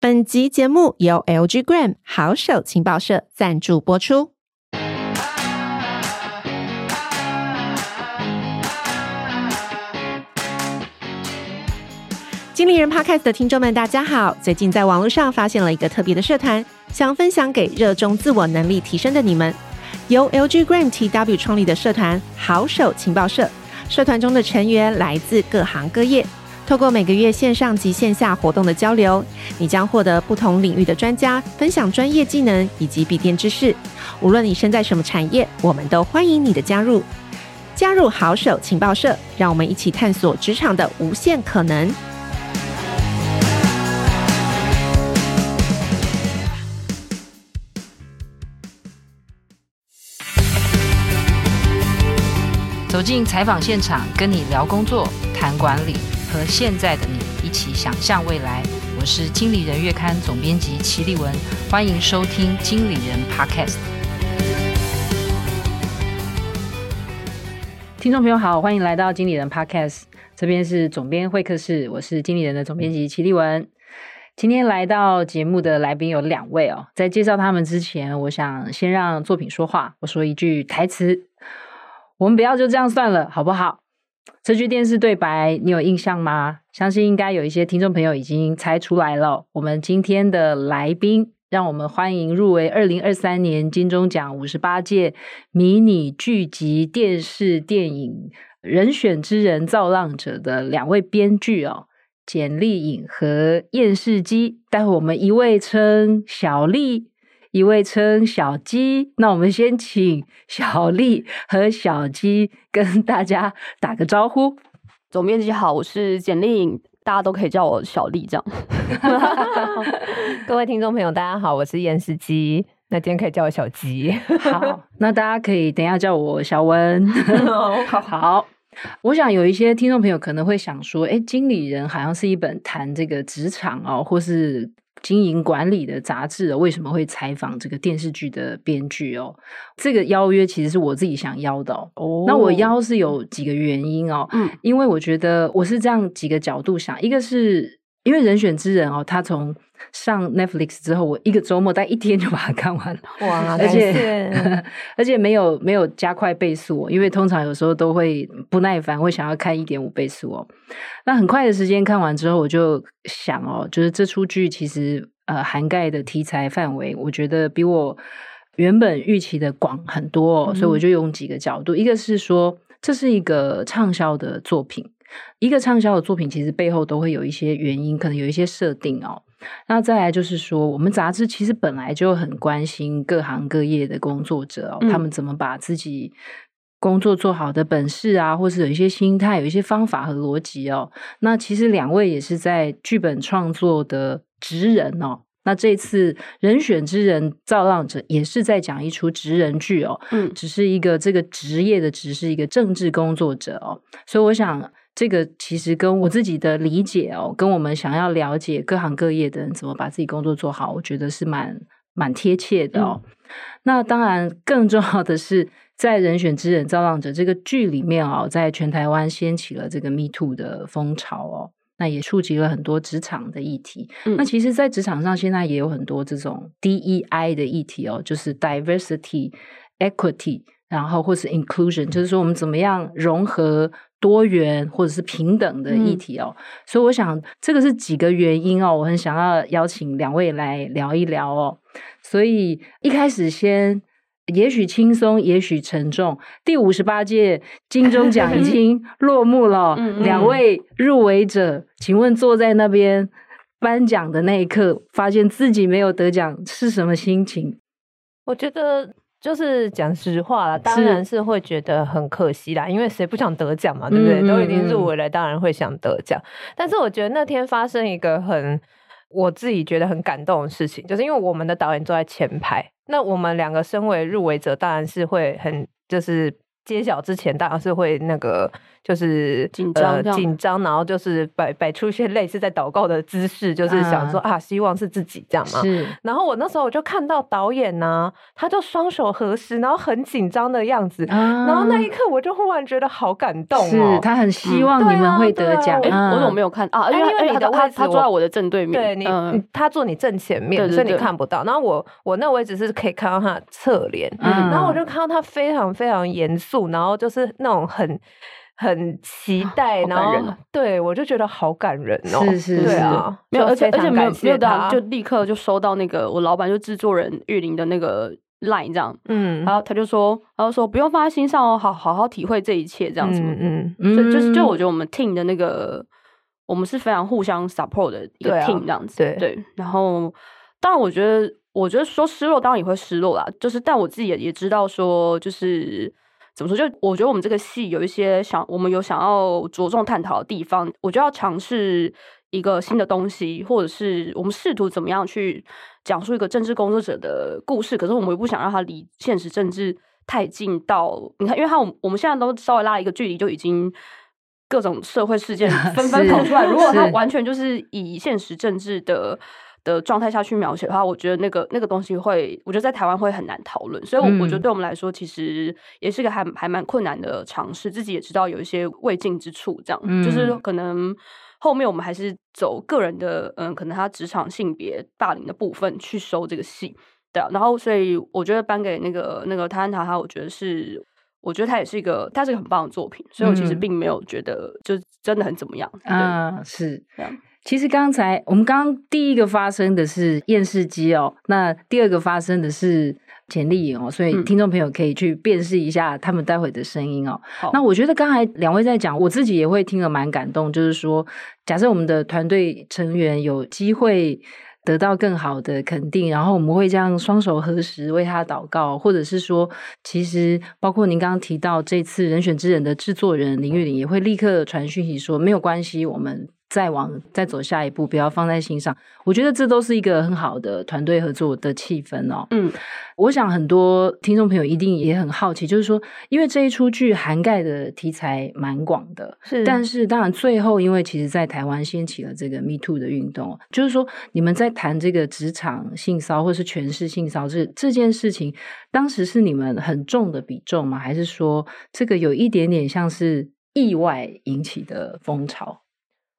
本集節目由 LG gram 好手情報社贊助播出。經理人 Podcast 的聽眾們，大家好！最近在網絡上發現了一個特別的社團，想分享給熱衷自我能力提升的你們。由 LG gram TW 創立的社團——好手情報社，社團中的成員來自各行各業。透過每個月線上及線下活動的交流，你將獲得不同領域的專家分享專業技能以及筆電知識。無論你身在什麼產業，我們都歡迎你的加入。加入好手情報社，讓我們一起探索職場的無限可能。走進採訪現場，跟你聊工作，談管理。和現在的你一起想象未來。我是《經理人月刊》總編輯齊立文，歡迎收聽《經理人》Podcast。聽眾朋友好，歡迎來到《經理人》Podcast，這邊是總編會客室，我是《經理人》的總編輯齊立文。今天來到節目的來賓有兩位哦，在介紹他們之前，我想先讓作品說話。我說一句台詞：我們不要就這樣算了，好不好？這句電視對白，你有印象嗎？相信應該有一些聽眾朋友已經猜出來了。我們今天的來賓，讓我們歡迎入圍二零二三年金鐘獎五十八屆迷你劇集電視電影人選之人造浪者的兩位編劇哦，簡莉穎和厭世姬。待會我們一位稱小莉。一位稱小姬，那我們先請小莉和小姬跟大家打個招呼。總編輯好，我是簡莉穎，大家都可以叫我小莉這樣。 各位聽眾朋友，大家好，我是厭世姬，那今天可以叫我小姬。 好，那大家可以等一下叫我小文。好 好，好 我想有一些聽眾朋友可能會想說，誒經理人好像是一本談這個職場哦，或是。經營管理的雜誌，哦，為什麼會採訪這個電視劇的編劇哦？這個邀約其實是我自己想要的哦。Oh, 那我邀是有幾個原因哦，嗯，因為我覺得我是這樣幾個角度想，一個是因為人選之人哦，他從。上 Netflix 之後，我一個周末待一天就把它看完了。哇，而且 而且沒有沒有加快倍速，哦，因為通常有時候都會不耐煩，會想要看一點五倍速哦。那很快的時間看完之後，我就想哦，就是這出劇其實呃涵蓋的題材範圍，我覺得比我原本預期的廣很多，哦，嗯，所以我就用幾個角度，一個是說，這是一個暢銷的作品，一個暢銷的作品其實背後都會有一些原因，可能有一些設定哦。那再來就是說，我們雜誌其實本來就很關心各行各業的工作者哦、喔，嗯、他們怎麼把自己工作做好的本事啊，或是有一些心態，有一些方法和邏輯哦。那其實兩位也是在劇本創作的職人哦、喔。那這次人選之人造浪者也是在講一出職人劇哦、喔，嗯，只是一個這個職業的，只是一個政治工作者哦、喔。所以我想。這個其實跟我自己的理解哦，跟我們想要了解各行各業的人怎麼把自己工作做好，我覺得是蠻蠻貼切的哦。嗯、那當然，更重要的是在《人選之人造浪者》這個劇裡面哦，在全台灣掀起了這個 Me Too 的風潮哦，那也觸及了很多職場的議題。嗯、那其實，在職場上現在也有很多這種 DEI 的議題哦，就是 Diversity Equity。然後，或是 inclusion，就是說我們怎麼樣融合多元或者是平等的議題哦。嗯。所以，我想這個是幾個原因哦。我很想要邀請兩位來聊一聊哦。所以一開始先，也許輕鬆，也許沉重。第五十八屆金鐘獎已經落幕了， 嗯嗯。兩位入圍者，請問坐在那邊頒獎的那一刻，發現自己沒有得獎是什麼心情？我覺得。就是講實話啦，當然是會覺得很可惜啦，是因為誰不想得獎嘛，對不對？嗯、都已經入圍了，當然會想得獎。嗯、但是我覺得那天發生一個很，我自己覺得很感動的事情，就是因為我們的導演坐在前排，那我們兩個身為入圍者，當然是會很，就是。揭曉之前，大家是會那個，就是緊張，緊張，然後就是擺擺出一些類似在禱告的姿勢，就是想說啊，希望是自己這樣嘛。是。然後我那時候我就看到導演呢，他就雙手合十，然後很緊張的樣子。然後那一刻我就忽然覺得好感動哦。他很希望你們會得獎。我怎麼沒有看啊？因為因為你的位置，他坐在我的正對面，你他坐你正前面，所以你看不到。然後我我那位置是可以看到他的側臉，然後我就看到他非常非常嚴肅。然後就是那種很很期待，然後、啊啊、對我就覺得好感人哦，是是是，對啊，沒有，而且而且沒有，沒有，就立刻就收到那個我老板就制作人玉林的那個 line 這樣，嗯，然後他就說，然後說不用放在心上哦，好好好體會這一切這樣子，嗯嗯，所以就是就我覺得我們 team 的那個，我們是非常互相 support 的一個 team 這樣子，對、啊、對，對，然後當然我覺得，我覺得說失落當然也會失落啦，就是但我自己也也知道說就是。怎麼說？就我覺得我們這個戲有一些想，我們有想要着重探討的地方，我就要嘗試一個新的東西，或者是我們試圖怎麼樣去講述一個政治工作者的故事。可是我們又不想讓他離現實政治太近，到你看，因為他我們現在都稍微拉一個距離，就已經各種社會事件紛紛跑出來。如果他完全就是以現實政治的。的狀態下去描寫的話，我覺得那個那個東西會，我覺得在台灣會很難討論，所以我，我，嗯、我覺得對我們來說，其實也是個還還蠻困難的嘗試。自己也知道有一些未盡之處，這樣，嗯，就是可能後面我們還是走個人的，嗯，可能他職場性別霸凌的部分去收這個戲，對啊。然後，所以我覺得頒給那個那個《他安塔哈》，我覺得是，我覺得他也是一個，他是一個很棒的作品，所以我其實並沒有覺得就真的很怎麼樣，嗯，對啊，是這樣。其實剛才我們剛，剛第一個發生的是厭世姬哦，那第二個發生的是簡莉穎哦，所以聽眾朋友可以去辨識一下他們待會的聲音哦。嗯、那我覺得剛才兩位在講，我自己也會聽了蠻感動，就是說，假設我們的團隊成員有機會得到更好的肯定，然後我們會這樣雙手合十為他禱告，或者是說，其實包括您剛剛提到這次《人選之人》的制作人林玉玲也會立刻傳訊息說沒有關係，我們。再往再走下一步，不要放在心上。我覺得這都是一個很好的團隊合作的氣氛哦。嗯，我想很多聽眾朋友一定也很好奇，就是說，因為這一出劇涵蓋的題材蠻廣的，是。但是，當然最後，因為其實在台灣掀起了這個 Me Too 的運動，就是說，你們在談這個職場性騷或是權勢性騷這這件事情，當時是你們很重的比重嗎？還是說，這個有一點點像是意外引起的風潮？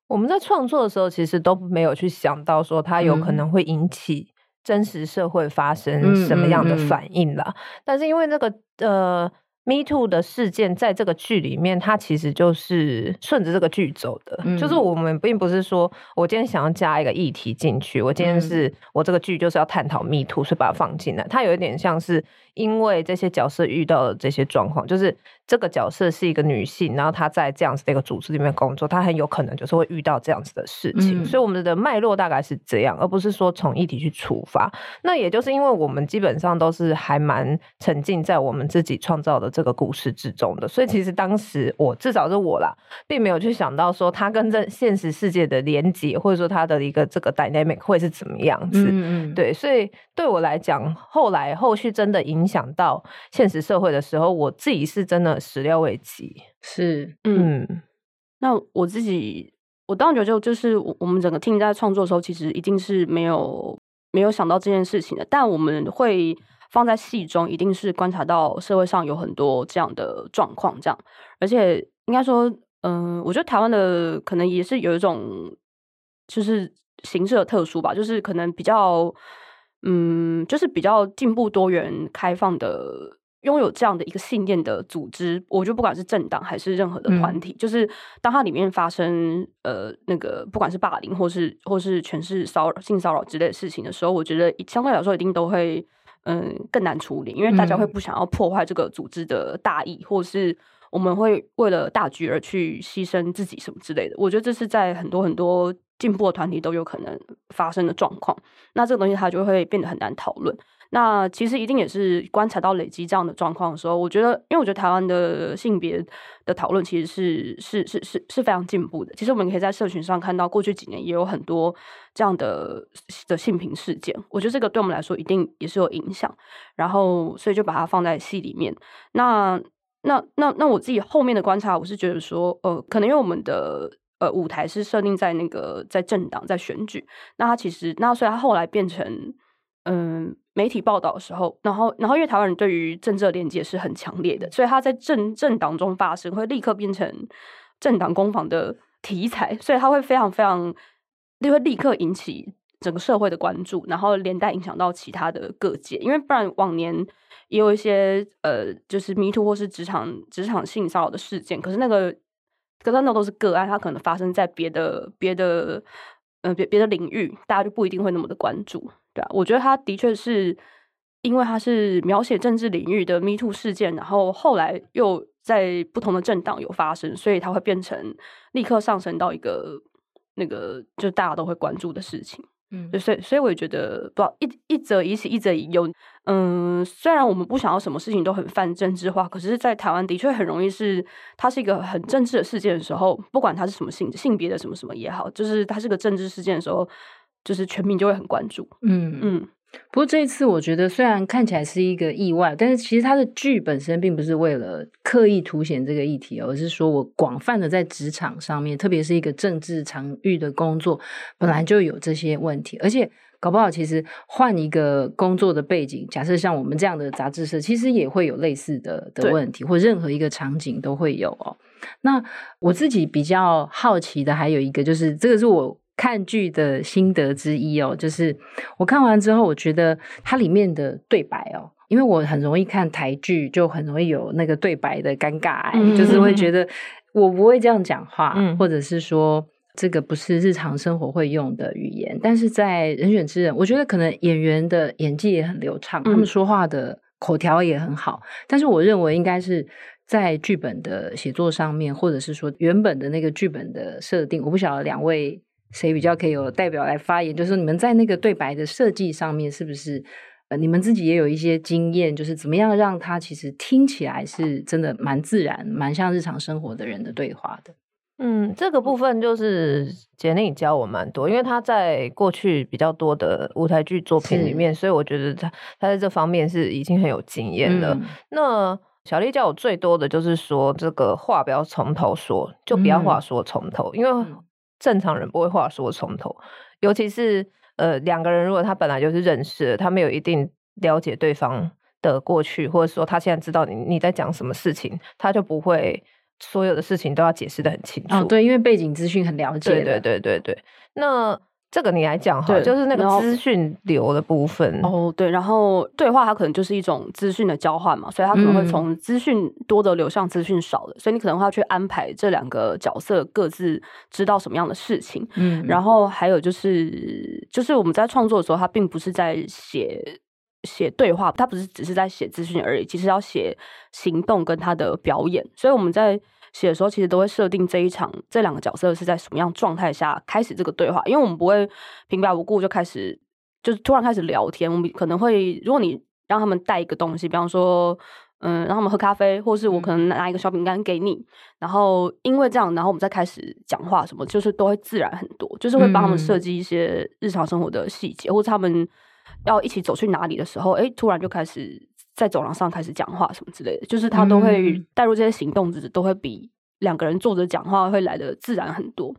我們在創作的時候，其實都沒有去想到說它有可能會引起真實社會發生什麼樣的反應啦。但是因為那個呃 Me Too 的事件，在這個劇裡面，它其實就是順着這個劇走的。就是我們並不是說，我今天想要加一個議題進去，我今天是我這個劇就是要探討 Me Too，所以把它放進來。它有一點像是因為這些角色遇到了這些狀況，就是。這個角色是一個女性，然後她，在這樣子的一個組織裡面工作，她很有可能就是會遇到這樣子的事情，嗯、所以我們的脈絡大概是這樣，而不是說從議題去出發。那也就是因為我們基本上都是還蠻沉浸在我們自己創造的這個故事之中的，所以其實當時我，至少是我啦，並沒有去想到說它跟這現實世界的連接，或者說它的一個這個 dynamic 會是怎麼樣子。嗯嗯。對，所以對我來講，後來後續真的影響到現實社會的時候，我自己是真的始料未及，是嗯，嗯，那我自己，我當然覺得就是我們整個 team 在創作的時候，其實一定是沒有沒有想到這件事情的，但我們會放在戲中，一定是觀察到社會上有很多這樣的狀況，這樣，而且應該說，嗯、呃，我覺得台灣的可能也是有一種，就是形式的特殊吧，就是可能比較，嗯，就是比較進步、多元、開放的。擁有這樣的一個信念的組織，我就不管是政黨還是任何的團體，嗯、就是當它裡面發生呃那個不管是霸凌或是或是權勢騷擾、性騷擾之類的事情的時候，我覺得相對來說一定都會嗯更難處理，因為大家會不想要破壞這個組織的大義，嗯、或是我們會為了大局而去犧牲自己什麼之類的。我覺得這是在很多很多進步的團體都有可能發生的狀況，那這個東西它就會變得很難討論。那其實一定也是觀察到累積這樣的狀況的時候，我覺得，因為我覺得台灣的性別的討論其實是是是是是非常進步的。其實我們可以在社群上看到，過去幾年也有很多這樣的的性平事件。我覺得這個對我們來說一定也是有影響。然後，所以就把它放在戲裡面。那那那那，我自己後面的觀察，我是覺得說，呃，可能因為我們的呃舞台是設定在那個在政黨在選舉，那他其實那所以他後來變成。嗯，媒體報道的時候，然後，然後因為台灣人對於政治的連接是很強烈的，所以他在政政黨中發生，會立刻變成政黨攻防的題材，所以他會非常非常，就會立刻引起整個社會的關注，然後連帶影響到其他的各界。因為不然往年也有一些呃，就是 MeToo 或是職場職場性騷擾的事件，可是那個，可是那都是個案，它可能發生在別的別的，嗯、呃，別別的領域，大家就不一定會那麼的關注。對啊，我覺得他的確是因為他是描寫政治領域的 Me Too 事件，然後後來又在不同的政黨有發生，所以他會變成立刻上升到一個那個，就大家都會關注的事情。嗯，所以，所以我也覺得，不，一，一則以喜，一則以憂，嗯，雖然我們不想要什麼事情都很泛政治化，可是在台灣的確很容易是它是一個很政治的事件的時候，不管它是什麼性性別的什麼什麼也好，就是它是個政治事件的時候。就是全民就會很關注，嗯嗯。嗯，不過這一次，我覺得雖然看起來是一個意外，但是其實他的劇本身並不是為了刻意凸顯這個議題，哦，而是說我廣泛的在職場上面，特別是一個政治場域的工作，本來就有這些問題。而且搞不好，其實換一個工作的背景，假設像我們這樣的雜誌社，其實也會有類似的的問題，對或任何一個場景都會有哦。那我自己比較好奇的還有一個，就是這個是我。看劇的心得之一哦、喔，就是我看完之後，我覺得它裡面的對白哦、喔，因為我很容易看台劇，就很容易有那個對白的尷尬、欸，嗯、就是會覺得我不會這樣講話，嗯、或者是說這個不是日常生活會用的語言。嗯、但是在《人選之人》，我覺得可能演員的演技也很流暢，嗯、他們說話的口條也很好。但是我認為應該是在劇本的寫作上面，或者是說原本的那個劇本的設定，我不曉得兩位。誰比較可以有代表來發言？就是你們在那個對白的設計上面，是不是呃，你們自己也有一些經驗？就是怎麼樣讓它其實聽起來是真的蠻自然，蠻像日常生活的人的對話的？嗯，這個部分就是簡莉穎教我蠻多，嗯、因為他在過去比較多的舞台劇作品裡面，是所以我覺得他他在這方面是已經很有經驗了。嗯、那小麗教我最多的就是說，這個話不要從頭說，就不要話說從頭，嗯、因為、嗯。正常人不會話說從頭，尤其是呃兩個人，如果他本來就是認識的，他沒有一定了解對方的過去，或者說他現在知道你你在講什麼事情，他就不會所有的事情都要解釋的很清楚。哦，對，因為背景資訊很了解。對對對對對，那。這個你來講哈，對，就是那個資訊流的部分哦，no, oh, 對，然後對話它可能就是一種資訊的交換嘛，所以它可能會從資訊多的流向資訊少的，嗯，所以你可能會要去安排這兩個角色各自知道什麼樣的事情，嗯，然後還有就是，就是我們在創作的時候，他並不是在寫寫對話，他不是只是在寫資訊而已，其實要寫行動跟他的表演，所以我們在。寫的時候其實都會設定這一場這兩個角色是在什麼樣狀態下開始這個對話，因為我們不會平白無故就開始，就是突然開始聊天。我們可能會，如果你讓他們帶一個東西，比方說，嗯，讓他們喝咖啡，或是我可能拿一個小餅乾給你，然後因為這樣，然後我們再開始講話什麼，就是都會自然很多，就是會幫他們設計一些日常生活的細節，或者他們要一起走去哪裡的時候，哎，突然就開始。在走廊上開始講話什麼之類的，就是他都會帶入這些行動，嗯、都會比兩個人坐着講話會來得自然很多。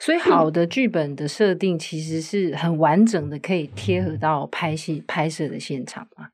所以好的劇本的設定其實是很完整的，可以貼合到拍戲拍攝的現場嘛，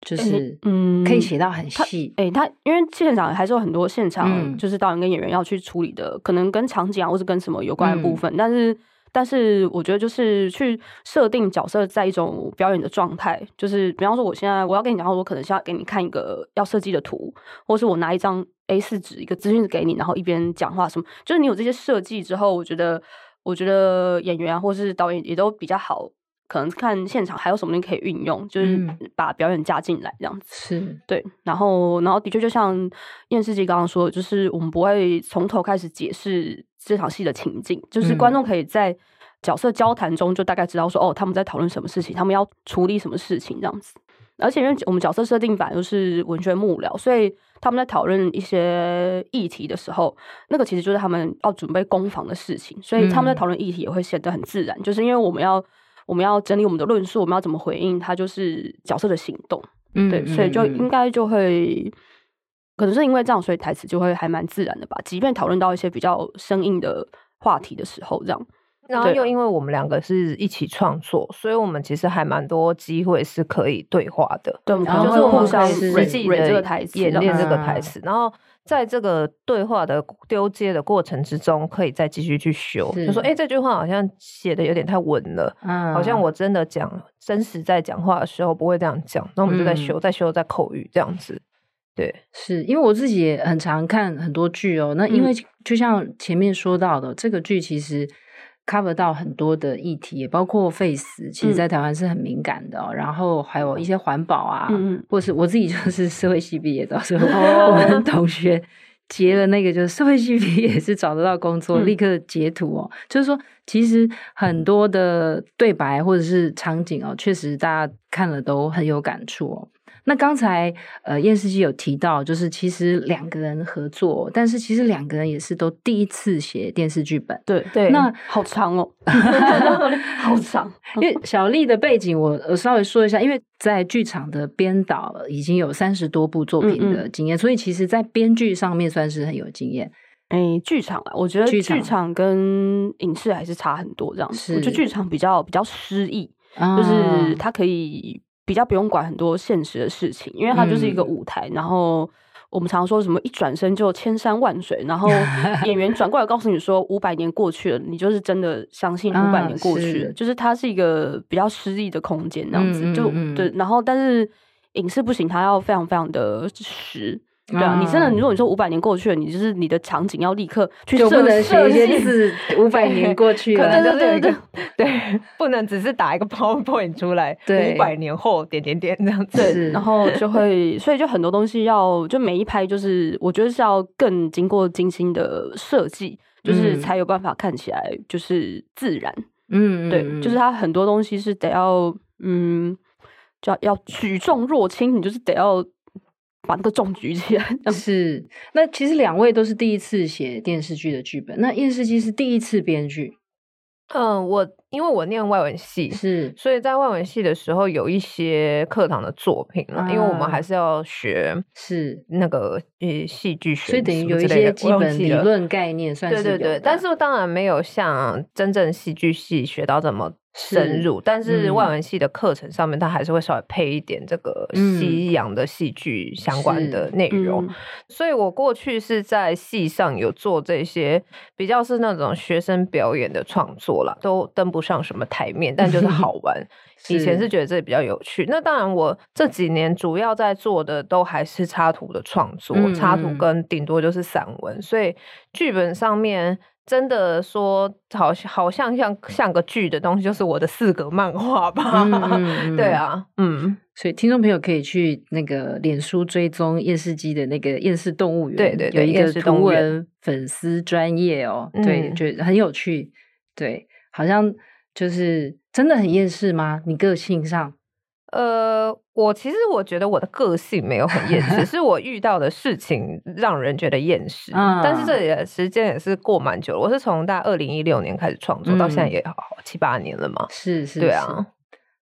就是、欸、嗯，可以寫到很細。他、欸、因為現場還是有很多現場，就是導演跟演員要去處理的，嗯、可能跟場景啊，或是跟什麼有關的部分，嗯、但是。但是我覺得，就是去設定角色，在一種表演的狀態，就是比方說，我現在我要跟你講，我可能是要給你看一個要設計的圖，或是我拿一張 A4 紙一個資訊給你，然後一邊講話什麼，就是你有這些設計之後，我覺得，我覺得演員、啊、或是導演也都比較好，可能看現場還有什麼你可以運用，就是把表演加進來這樣子。嗯、是，對。然後，然後的確，就像厭世姬剛剛說的，就是我們不會從頭開始解釋。這場戲的情境，就是觀眾可以在角色交談中就大概知道說，嗯、哦，他們在討論什麼事情，他們要處理什麼事情這樣子。而且，因為我們角色設定版又是文宣幕僚，所以他們在討論一些議題的時候，那個其實就是他們要準備攻防的事情。所以他們在討論議題也會顯得很自然，嗯、就是因為我們要我們要整理我們的論述，我們要怎麼回應，他，就是角色的行動。嗯，嗯，嗯，對，所以就應該就會。可能是因為這樣，所以台詞就會還蠻自然的吧。即便討論到一些比較生硬的話題的時候，這樣，然後又因為我們兩個是一起創作，所以我們其實還蠻多機會是可以對話的。對，就是互相實際的這個台詞演練這個台詞，是然後在這個對話的丟接的過程之中，可以再繼續去修。是就說，哎、欸，這句話好像寫得有點太穩了，嗯、好像我真的講真實在講話的時候不會這樣講。那我們就在修，在、嗯、修，在口語這樣子。對，是因為我自己也很常看很多劇哦。那因為就像前面說到的，嗯、這個劇其實 cover 到很多的議題，也包括廢死，其實在台灣是很敏感的、哦。嗯、然後還有一些環保啊，嗯、或者是我自己就是社會系畢業的，嗯、到時候我們同學截了那個，就是社會系畢業也是找得到工作，嗯、立刻截圖哦。就是說，其實很多的對白或者是場景哦，確實大家看了都很有感觸哦。那剛才呃，厭世姬有提到，就是其實兩個人合作，但是其實兩個人也是都第一次寫電視劇本。對對，對那好長哦， 好長。因為小麗的背景，我我稍微說一下，因為在劇場的編導已經有三十多部作品的經驗，嗯嗯，所以其實，在編劇上面算是很有經驗。哎、嗯，劇場、啊，我覺得劇場、場、場跟影視還是差很多，這樣子。是我覺得劇場比較比較詩意，嗯、就是它可以。比較不用管很多現實的事情，因為它就是一個舞台。嗯、然後我們常說什麼一轉身就千山萬水，然後演員轉過來告訴你說五百年過去了， 你就是真的相信五百年過去了。啊、是就是它是一個比較詩意的空間，那樣子、嗯、就對。然後但是影視不行，它要非常非常的實。對啊，嗯、你真的，如果你說五百年過去了，你就是你的場景要立刻去設些是五百年過去 對可能就 對，對對對，對，對，不能只是打一個 PowerPoint 出來，五百對年後點點點這樣子對，然後就會， 所以就很多東西要，就每一拍就是，我覺得是要更經過精心的設計，嗯、就是才有辦法看起來就是自然，嗯，嗯，嗯、對，就是它很多東西是得要，嗯，就要，要舉重若輕，你就是得要。把那個重舉起來 是。那其實兩位都是第一次寫電視劇的劇本，那厭世姬是第一次編劇。嗯，我因為我念外文系，是所以在外文系的時候有一些課堂的作品，嗯、因為我們還是要學是那個呃戲劇學的，所以等於有一些基本理論概念算是，算對對對。但是我當然沒有像真正戲劇系學到怎麼。是深入，但是外文系的課程上面，它還是會稍微配一點這個西洋的戲劇相關的內容。嗯、所以，我過去是在戲上有做這些比較是那種學生表演的創作了，都登不上什麼台面，但就是好玩。 是以前是覺得這裡比較有趣。那當然，我這幾年主要在做的都還是插圖的創作，嗯、插圖跟頂多就是散文，所以劇本上面。真的說，好像好像像像個劇的東西，就是我的四格漫畫吧。嗯嗯、 對啊，嗯，所以聽眾朋友可以去那個臉書追蹤厭世姬的那個厭世動物園，對，對對，有一個圖文動物園粉絲專頁哦，對，嗯、就很有趣。對，好像就是真的很厭世嗎？你個性上。呃，我其實我覺得我的個性沒有很厭世，只 是我遇到的事情讓人覺得厭世。嗯、但是這裡的時間也是過蠻久了，我是從大概二零一六年開始創作，嗯、到現在也好七八年了嘛。是是，啊、是是，對啊。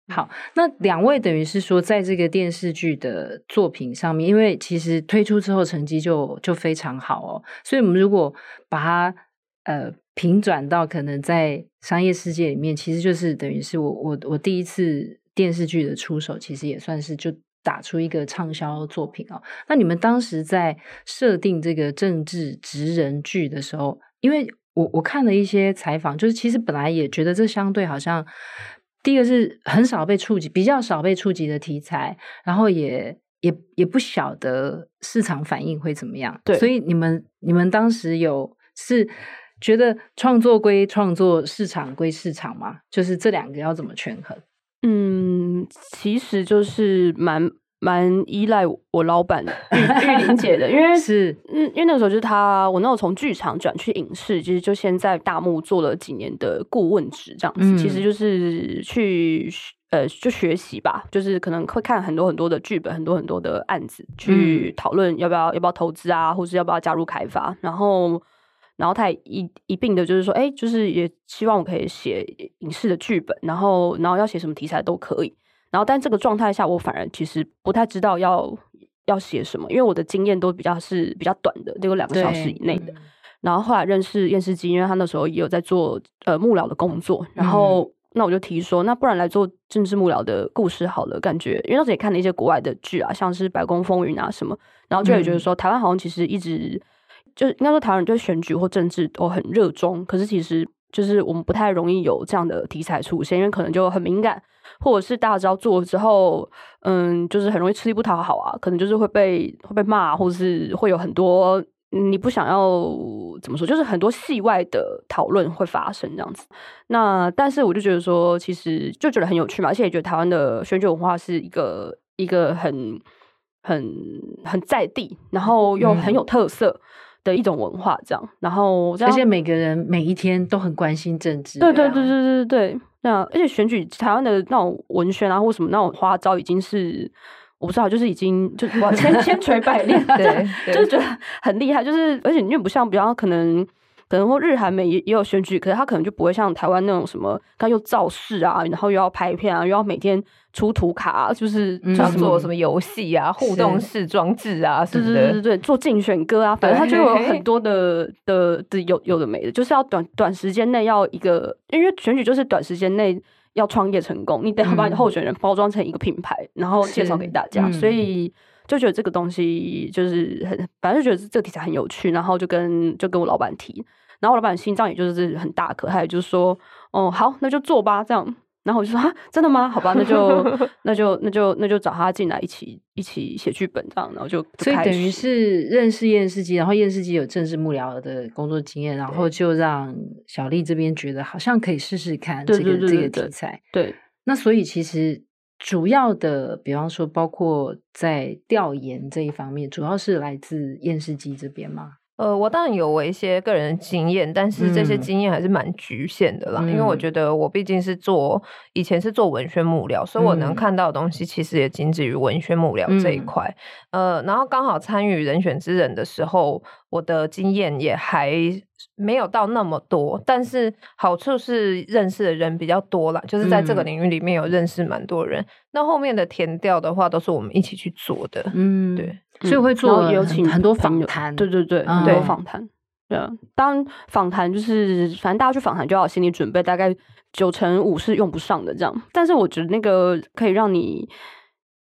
好，那兩位等於是說，在這個電視劇的作品上面，因為其實推出之後成績就就非常好哦。所以，我們如果把它呃平轉到可能在商業世界裡面，其實就是等於是我我我第一次。電視劇的出手其實也算是就打出一個暢銷作品哦。那你們當時在設定這個政治職人劇的時候，因為我我看了一些採訪，就是其實本來也覺得這相對好像第一個是很少被觸及，比較少被觸及的題材，然後也也也不曉得市場反應會怎麼樣。對，所以你們你們當時有是覺得創作歸創作，市場歸市場嗎？就是這兩個要怎麼權衡？嗯。其實就是蠻蠻依賴我老板 玉玲姐的，因為是嗯，因為那個時候就是他，我那時候從劇場轉去影視，其、就、實、是、就先在大幕做了幾年的顧問職這樣子，嗯、其實就是去呃就學習吧，就是可能會看很多很多的劇本，很多很多的案子，去討論要不要要不要投資啊，或是要不要加入開發，然後然後他也一一併的就是說，哎、欸，就是也希望我可以寫影視的劇本，然後然後要寫什麼題材都可以。然後，但這個狀態下，我反而其實不太知道要要寫什麼，因為我的經驗都比較是比較短的，只有兩個小時以內的。然後後來認識厭世姬，因為他那時候也有在做呃幕僚的工作。然後、嗯、那我就提說，那不然來做政治幕僚的故事好了，感覺因為當時也看了一些國外的劇啊，像是《白宮風雲》啊什麼，然後就也覺得說，嗯、台灣好像其實一直就是應該說，台灣人對選舉或政治都很熱衷，可是其實就是我們不太容易有這樣的題材出現，因為可能就很敏感。或者是大招做了之後，嗯，就是很容易吃力不討好啊，可能就是會被會被罵，或者是會有很多你不想要怎麼說，就是很多戲外的討論會發生這樣子。那但是我就覺得說，其實就覺得很有趣嘛，而且也覺得台灣的選舉文化是一個一個很很很在地，然後又很有特色。嗯。的一種文化，這樣，然後這樣，而且每個人每一天都很關心政治。對對對對對對，對啊、那而且選舉台灣的那種文宣啊，或什麼那種花招，已經是我不知道，就是已經就千千錘百煉，對就，就是覺得很厲害，就是而且因為不像比較像可能。可能會日韓美也也有選舉，可是他可能就不會像台灣那種什麼，他又造勢啊，然後又要拍片啊，又要每天出圖卡、啊，就是創、嗯、做什麼遊戲啊、互動式裝置啊，是不是，是的對，對對對，做競選歌啊，反正他就有很多的對的嘿嘿的，的，的有有的沒的，就是要短短時間內要一個，因為選舉就是短時間內要創業成功，你得要把你的候選人包裝成一個品牌，然後介紹給大家，嗯、所以。就覺得這個東西就是很，反正就覺得這個題材很有趣，然後就跟就跟我老板提，然後我老板心臟也就是很大顆還有就是說，哦、嗯，好，那就做吧，這樣，然後我就說啊，真的嗎？好吧，那就 那就那就那就,那就找他進來一起一起寫劇本這樣，然後就,就所以等於是認識厭世姬，然後厭世姬有政治幕僚的工作經驗，然後就讓小莉這邊覺得好像可以試試看這個這個題材，對,對，那所以其實。主要的，比方說，包括在調研這一方面，主要是來自厭世姬這邊嗎？呃，我當然有我一些個人經驗，但是這些經驗還是蠻局限的啦。嗯、因為我覺得我畢竟是做以前是做文宣幕僚，所以我能看到的東西其實也僅止於文宣幕僚這一塊。嗯、呃，然後剛好參與人選之人的時候，我的經驗也還。沒有到那麼多，但是好處是認識的人比較多了，就是在這個領域裡面有認識蠻多人。嗯、那後面的田調的話，都是我們一起去做的，嗯，對，嗯、所以會做也有請很多訪談，對對對，嗯、很多訪談。對，嗯、當訪談就是，反正大家去訪談就要心理準備，大概九成五是用不上的這樣。但是我覺得那個可以讓你。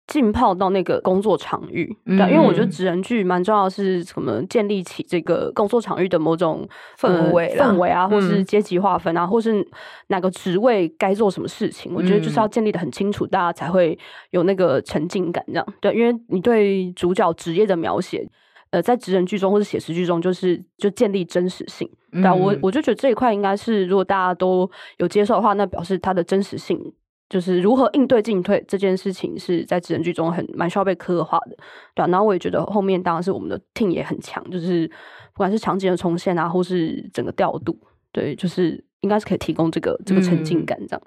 浸泡到那個工作場域，嗯、對，因為我覺得職人劇蠻重要的，是什麼建立起這個工作場域的某種氛圍，呃、氛圍啊，或是階級劃分啊，嗯、或是哪個職位該做什麼事情？嗯、我覺得就是要建立得很清楚，大家才會有那個沉浸感，這樣，對。因為你對主角職業的描寫，呃，在職人劇中或者寫實劇中，就是就建立真實性。但，嗯、我我就覺得這一塊應該是，如果大家都有接受的話，那表示它的真實性。就是如何應對進退這件事情，是在職人劇中很蠻需要被刻畫的，對那、啊、然後我也覺得後面當然是我們的 team 也很強，就是不管是場景的重現啊，或是整個調度，對，就是應該是可以提供這個這個沉浸感這樣。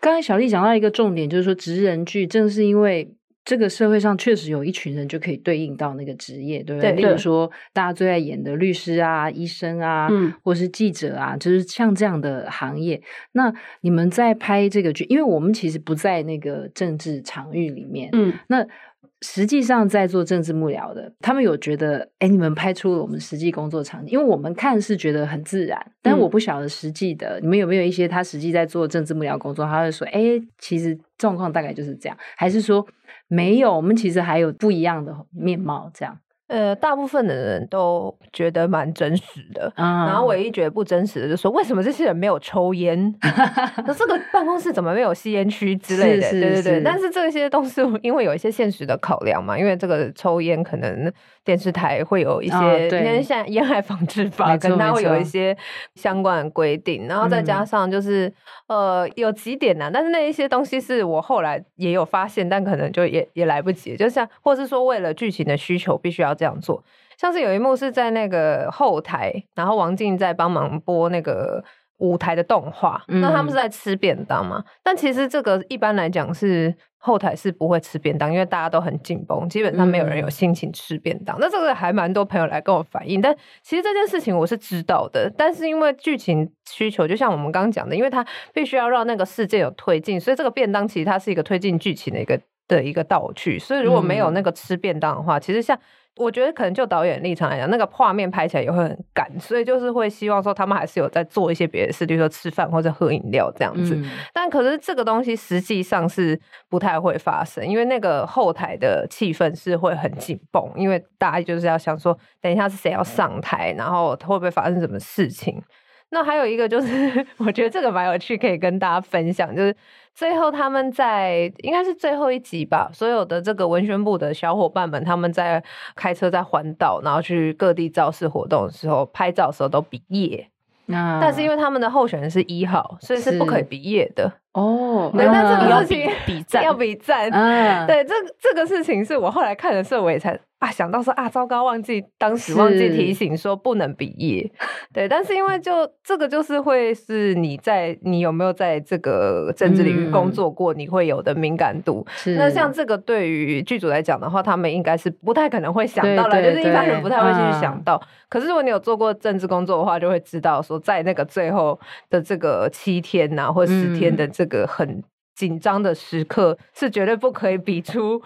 剛、嗯、才小莉講到一個重點，就是說職人劇正是因為。這個社會上確實有一群人就可以對應到那個職業，對不對？例如說，大家最愛演的律師啊、醫生啊，嗯，或是記者啊，就是像這樣的行業。那你們在拍這個劇，因為我們其實不在那個政治場域裡面，嗯，那實際上在做政治幕僚的，他們有覺得，哎，你們拍出了我們實際工作場景，因為我們看是覺得很自然，但我不曉得實際的，你們有沒有一些他實際在做政治幕僚工作，他會說，哎，其實狀況大概就是這樣，還是說？沒有，我們其實還有不一樣的面貌，這樣。呃，大部分的人都覺得蠻真實的，uh huh. 然後唯一覺得不真實的就是說，為什麼這些人沒有抽菸？那 這個辦公室怎麼沒有吸菸區之類的？ 是是是對對對。是是，但是這些東西因為有一些現實的考量嘛，因為這個抽菸可能電視台會有一些現在、uh, 對菸害防治法，跟它會有一些相關規定，錯然後再加上就是、嗯、呃有幾點呢、啊，但是那一些東西是我後來也有發現，但可能就也也來不及，就像或是說為了劇情的需求必須要。這樣做，像是有一幕是在那個後台，然後王淨在幫忙播那個舞台的動畫。嗯、那他們是在吃便當嘛？但其實這個一般來講是後台是不會吃便當，因為大家都很緊繃，基本上沒有人有心情吃便當。嗯、那這個還蠻多朋友來跟我反映，但其實這件事情我是知道的。但是因為劇情需求，就像我們剛剛講的，因為它必須要讓那個世界有推進，所以這個便當其實它是一個推進劇情的一個的一個道具。所以如果沒有那個吃便當的話，嗯、其實像。我覺得可能就導演立場來講，那個畫面拍起來也會很乾，所以就是會希望說他們還是有在做一些別的事，比如說吃飯或者喝飲料這樣子。嗯、但可是這個東西實際上是不太會發生，因為那個後台的氣氛是會很緊繃，因為大家就是要想說，等一下是誰要上台，然後會不會發生什麼事情。那還有一個就是，我覺得這個蠻有趣，可以跟大家分享。就是最後他們在應該是最後一集吧，所有的這個文宣部的小夥伴們他們在開車在環島，然後去各地造勢活動的時候拍照的時候都比耶，嗯，但是因為他們的候選人是一號，所以是不可以比耶的。哦，難道對、嗯、這個東西要比讚。對，這這個事情是我後來看的時候我也才啊想到說啊糟糕，忘記當時忘記提醒說不能比耶。是對，但是因為就這個就是會是你在你有沒有在這個政治領域工作過，你會有的敏感度。嗯、那像這個對於劇組來講的話，他們應該是不太可能會想到了，對對對就是一般人不太會去想到。嗯、可是如果你有做過政治工作的話，就會知道說在那個最後的這個七天吶、啊，或十天的這個、嗯。這個很緊張的時刻是絕對不可以比出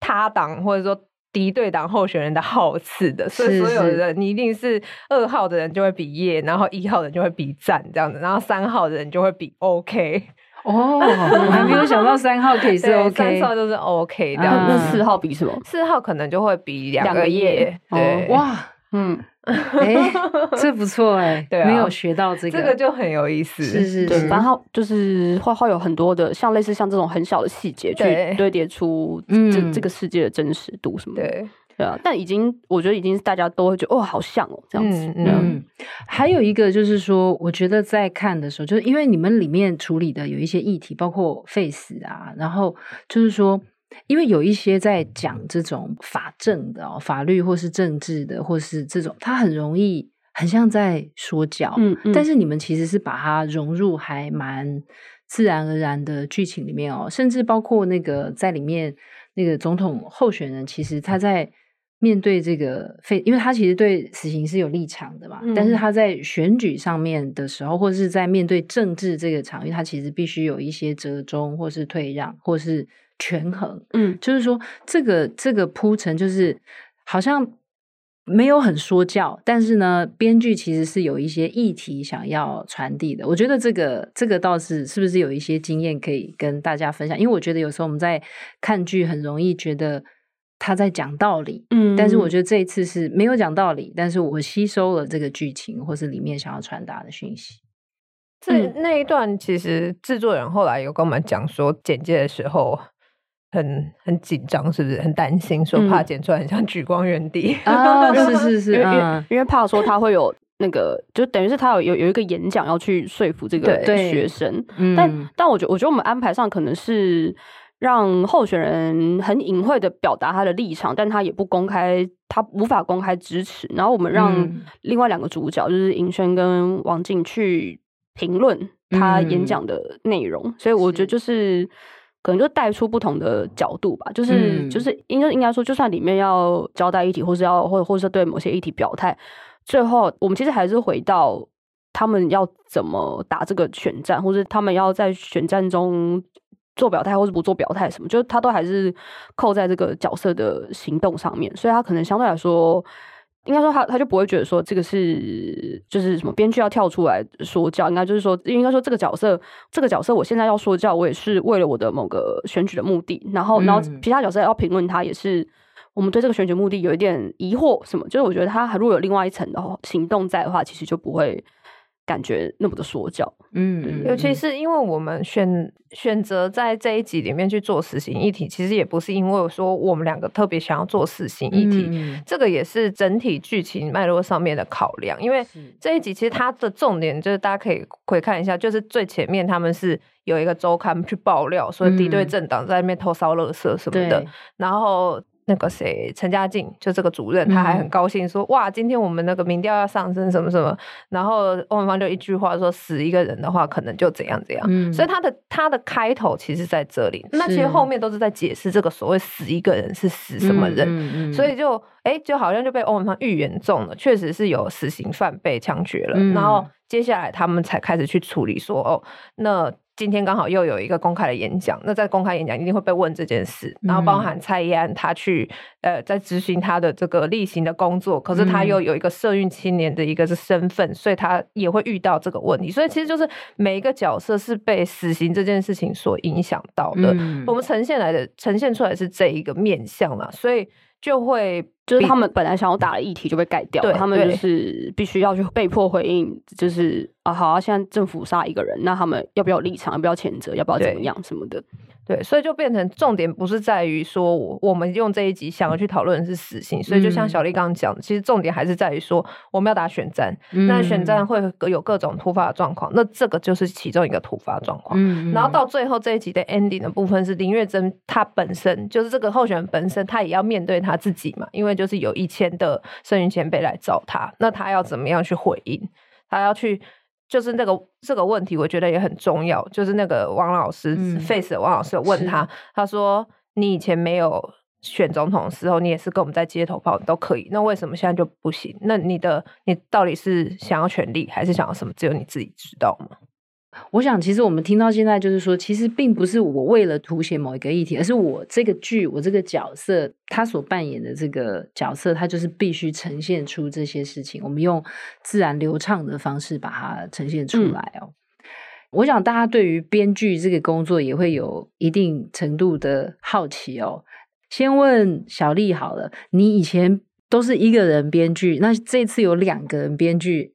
他黨或者說敵對黨候選人的號次的，所以所有人是是你一定是二號的人就會比耶，然後一號的人就會比讚這樣子，然後三號的人就會比 OK 哦，我還沒有想到三號可以是 OK，三 號就是 OK 的，那四、嗯、號比什麼？四號可能就會比兩個耶，個月對、哦、哇，嗯。哎、 欸，這不錯哎、欸，對、啊，沒有學到這個，這個就很有意思，是是。然後對是就是畫畫有很多的，像類似像這種很小的細節，去堆疊出對這、嗯、這個世界的真實度什麼的，對，對啊，但已經我覺得已經大家都會覺得哦，好像哦這樣子。嗯，啊、還有一個就是說，我覺得在看的時候，就是因為你們裡面處理的有一些議題，包括 face 啊，然後就是說。因為有一些在講這種法政的哦，法律或是政治的，或是這種，他很容易很像在說教。嗯嗯。但是你們其實是把它融入還蠻自然而然的劇情裡面哦，甚至包括那個在裡面那個總統候選人，其實他在面對這個非，因為他其實對死刑是有立場的嘛，嗯。但是他在選舉上面的時候，或是在面對政治這個場域，他其實必須有一些折中或是退讓，或是。權衡，嗯，就是說這個這個鋪陳，就是好像沒有很說教，但是呢，編劇其實是有一些議題想要傳遞的。我覺得這個這個倒是是不是有一些經驗可以跟大家分享？因為我覺得有時候我們在看劇很容易覺得他在講道理，嗯，但是我覺得這一次是沒有講道理，但是我吸收了這個劇情或是裡面想要傳達的訊息。這、嗯、那一段其實製作人後來有跟我們講說剪接的時候。很很緊張，是不是？很擔心，說怕剪出來很像聚光原地。是是是、嗯因，因為怕說他會有那個，就等於是他有有有一個演講要去說服這個學生。對但、嗯、但我覺得，我覺得我們安排上可能是讓候選人很隱晦的表達他的立場，但他也不公開，他無法公開支持。然後我們讓另外兩個主角，嗯、就是尹軒跟王靜，去評論他演講的內容。嗯、所以我覺得就是。是可能就帶出不同的角度吧，就是、嗯、就是應該應該說，就算裡面要交代議題或或，或是要或或是對某些議題表態，最後我們其實還是回到他們要怎麼打這個選戰，或是他們要在選戰中做表態，或是不做表態，什麼，就他都還是扣在這個角色的行動上面，所以他可能相對來說。應該說他他就不會覺得說這個是就是什麼編劇要跳出來說教，應該就是說應該說這個角色這個角色我現在要說教，我也是為了我的某個選舉的目的。然後，然後其他角色要評論他，也是我們對這個選舉目的有一點疑惑。什麼，就是我覺得他如果有另外一層的行動在的話，其實就不會。感覺那麼的說教，嗯，對尤其是因為我們選選擇在這一集裡面去做死刑議題，其實也不是因為說我們兩個特別想要做死刑議題，嗯、這個也是整體劇情脈絡上面的考量。因為這一集其實它的重點就是大家可以回看一下，就是最前面他們是有一個周刊去爆料說敵對政黨在那邊偷燒垃圾什麼的，嗯、然後。那個誰，陳家競，就這個主任，他還很高興說、嗯、哇，今天我們那個民調要上升什麼什麼。然後翁文方就一句話說，死一個人的話，可能就怎樣怎樣。嗯、所以他的他的開頭其實在這裡，是那其實後面都是在解釋這個所謂死一個人是死什麼人。嗯嗯嗯所以就哎、欸，就好像就被翁文方預言中了，確實是有死刑犯被槍決了。嗯、然後接下來他們才開始去處理說哦，那。今天剛好又有一個公開的演講，那在公開演講一定會被問這件事，嗯、然後包含蔡易安，他去呃在執行他的這個例行的工作，可是他又有一個社運青年的一個身份，嗯、所以他也會遇到這個問題，所以其實就是每一個角色是被死刑這件事情所影響到的，嗯、我們呈現來的呈現出來是這一個面向嘛，所以就會就是他們本來想要打的議題就被改掉，對，他們就是必須要去被迫回應，就是。啊，好啊，好像現在政府殺一個人，那他們要不要立場？要不要譴責？要不要怎麼樣什麼的？對，對，所以就變成重點不是在於說，我們用這一集想要去討論的是死刑。所以就像小莉剛剛講，嗯、其實重點還是在於說，我們要打選戰。嗯、那選戰會有各，有各種突發的狀況，那這個就是其中一個突發狀況。嗯嗯，然後到最後這一集的 ending 的部分，是林月真她本身就是這個候選人本身，她也要面對他自己嘛，因為就是有一千的聖雲前輩來找他，那他要怎麼樣去回應？他要去。就是那個這個問題，我覺得也很重要。就是那個王老師，嗯，face 的王老師有問他，是他說：“你以前沒有選總統的時候，你也是跟我們在街頭跑都可以，那為什麼現在就不行？那你的你到底是想要權力，還是想要什麼？只有你自己知道嗎？”我想，其實我們聽到現在就是說，其實並不是我為了凸顯某一個議題，而是我這個劇、我這個角色他所扮演的這個角色，他就是必須呈現出這些事情。我們用自然流暢的方式把它呈現出來哦。嗯、我想大家對於編劇這個工作也會有一定程度的好奇哦。先問小莉好了，你以前都是一個人編劇，那這次有兩個人編劇，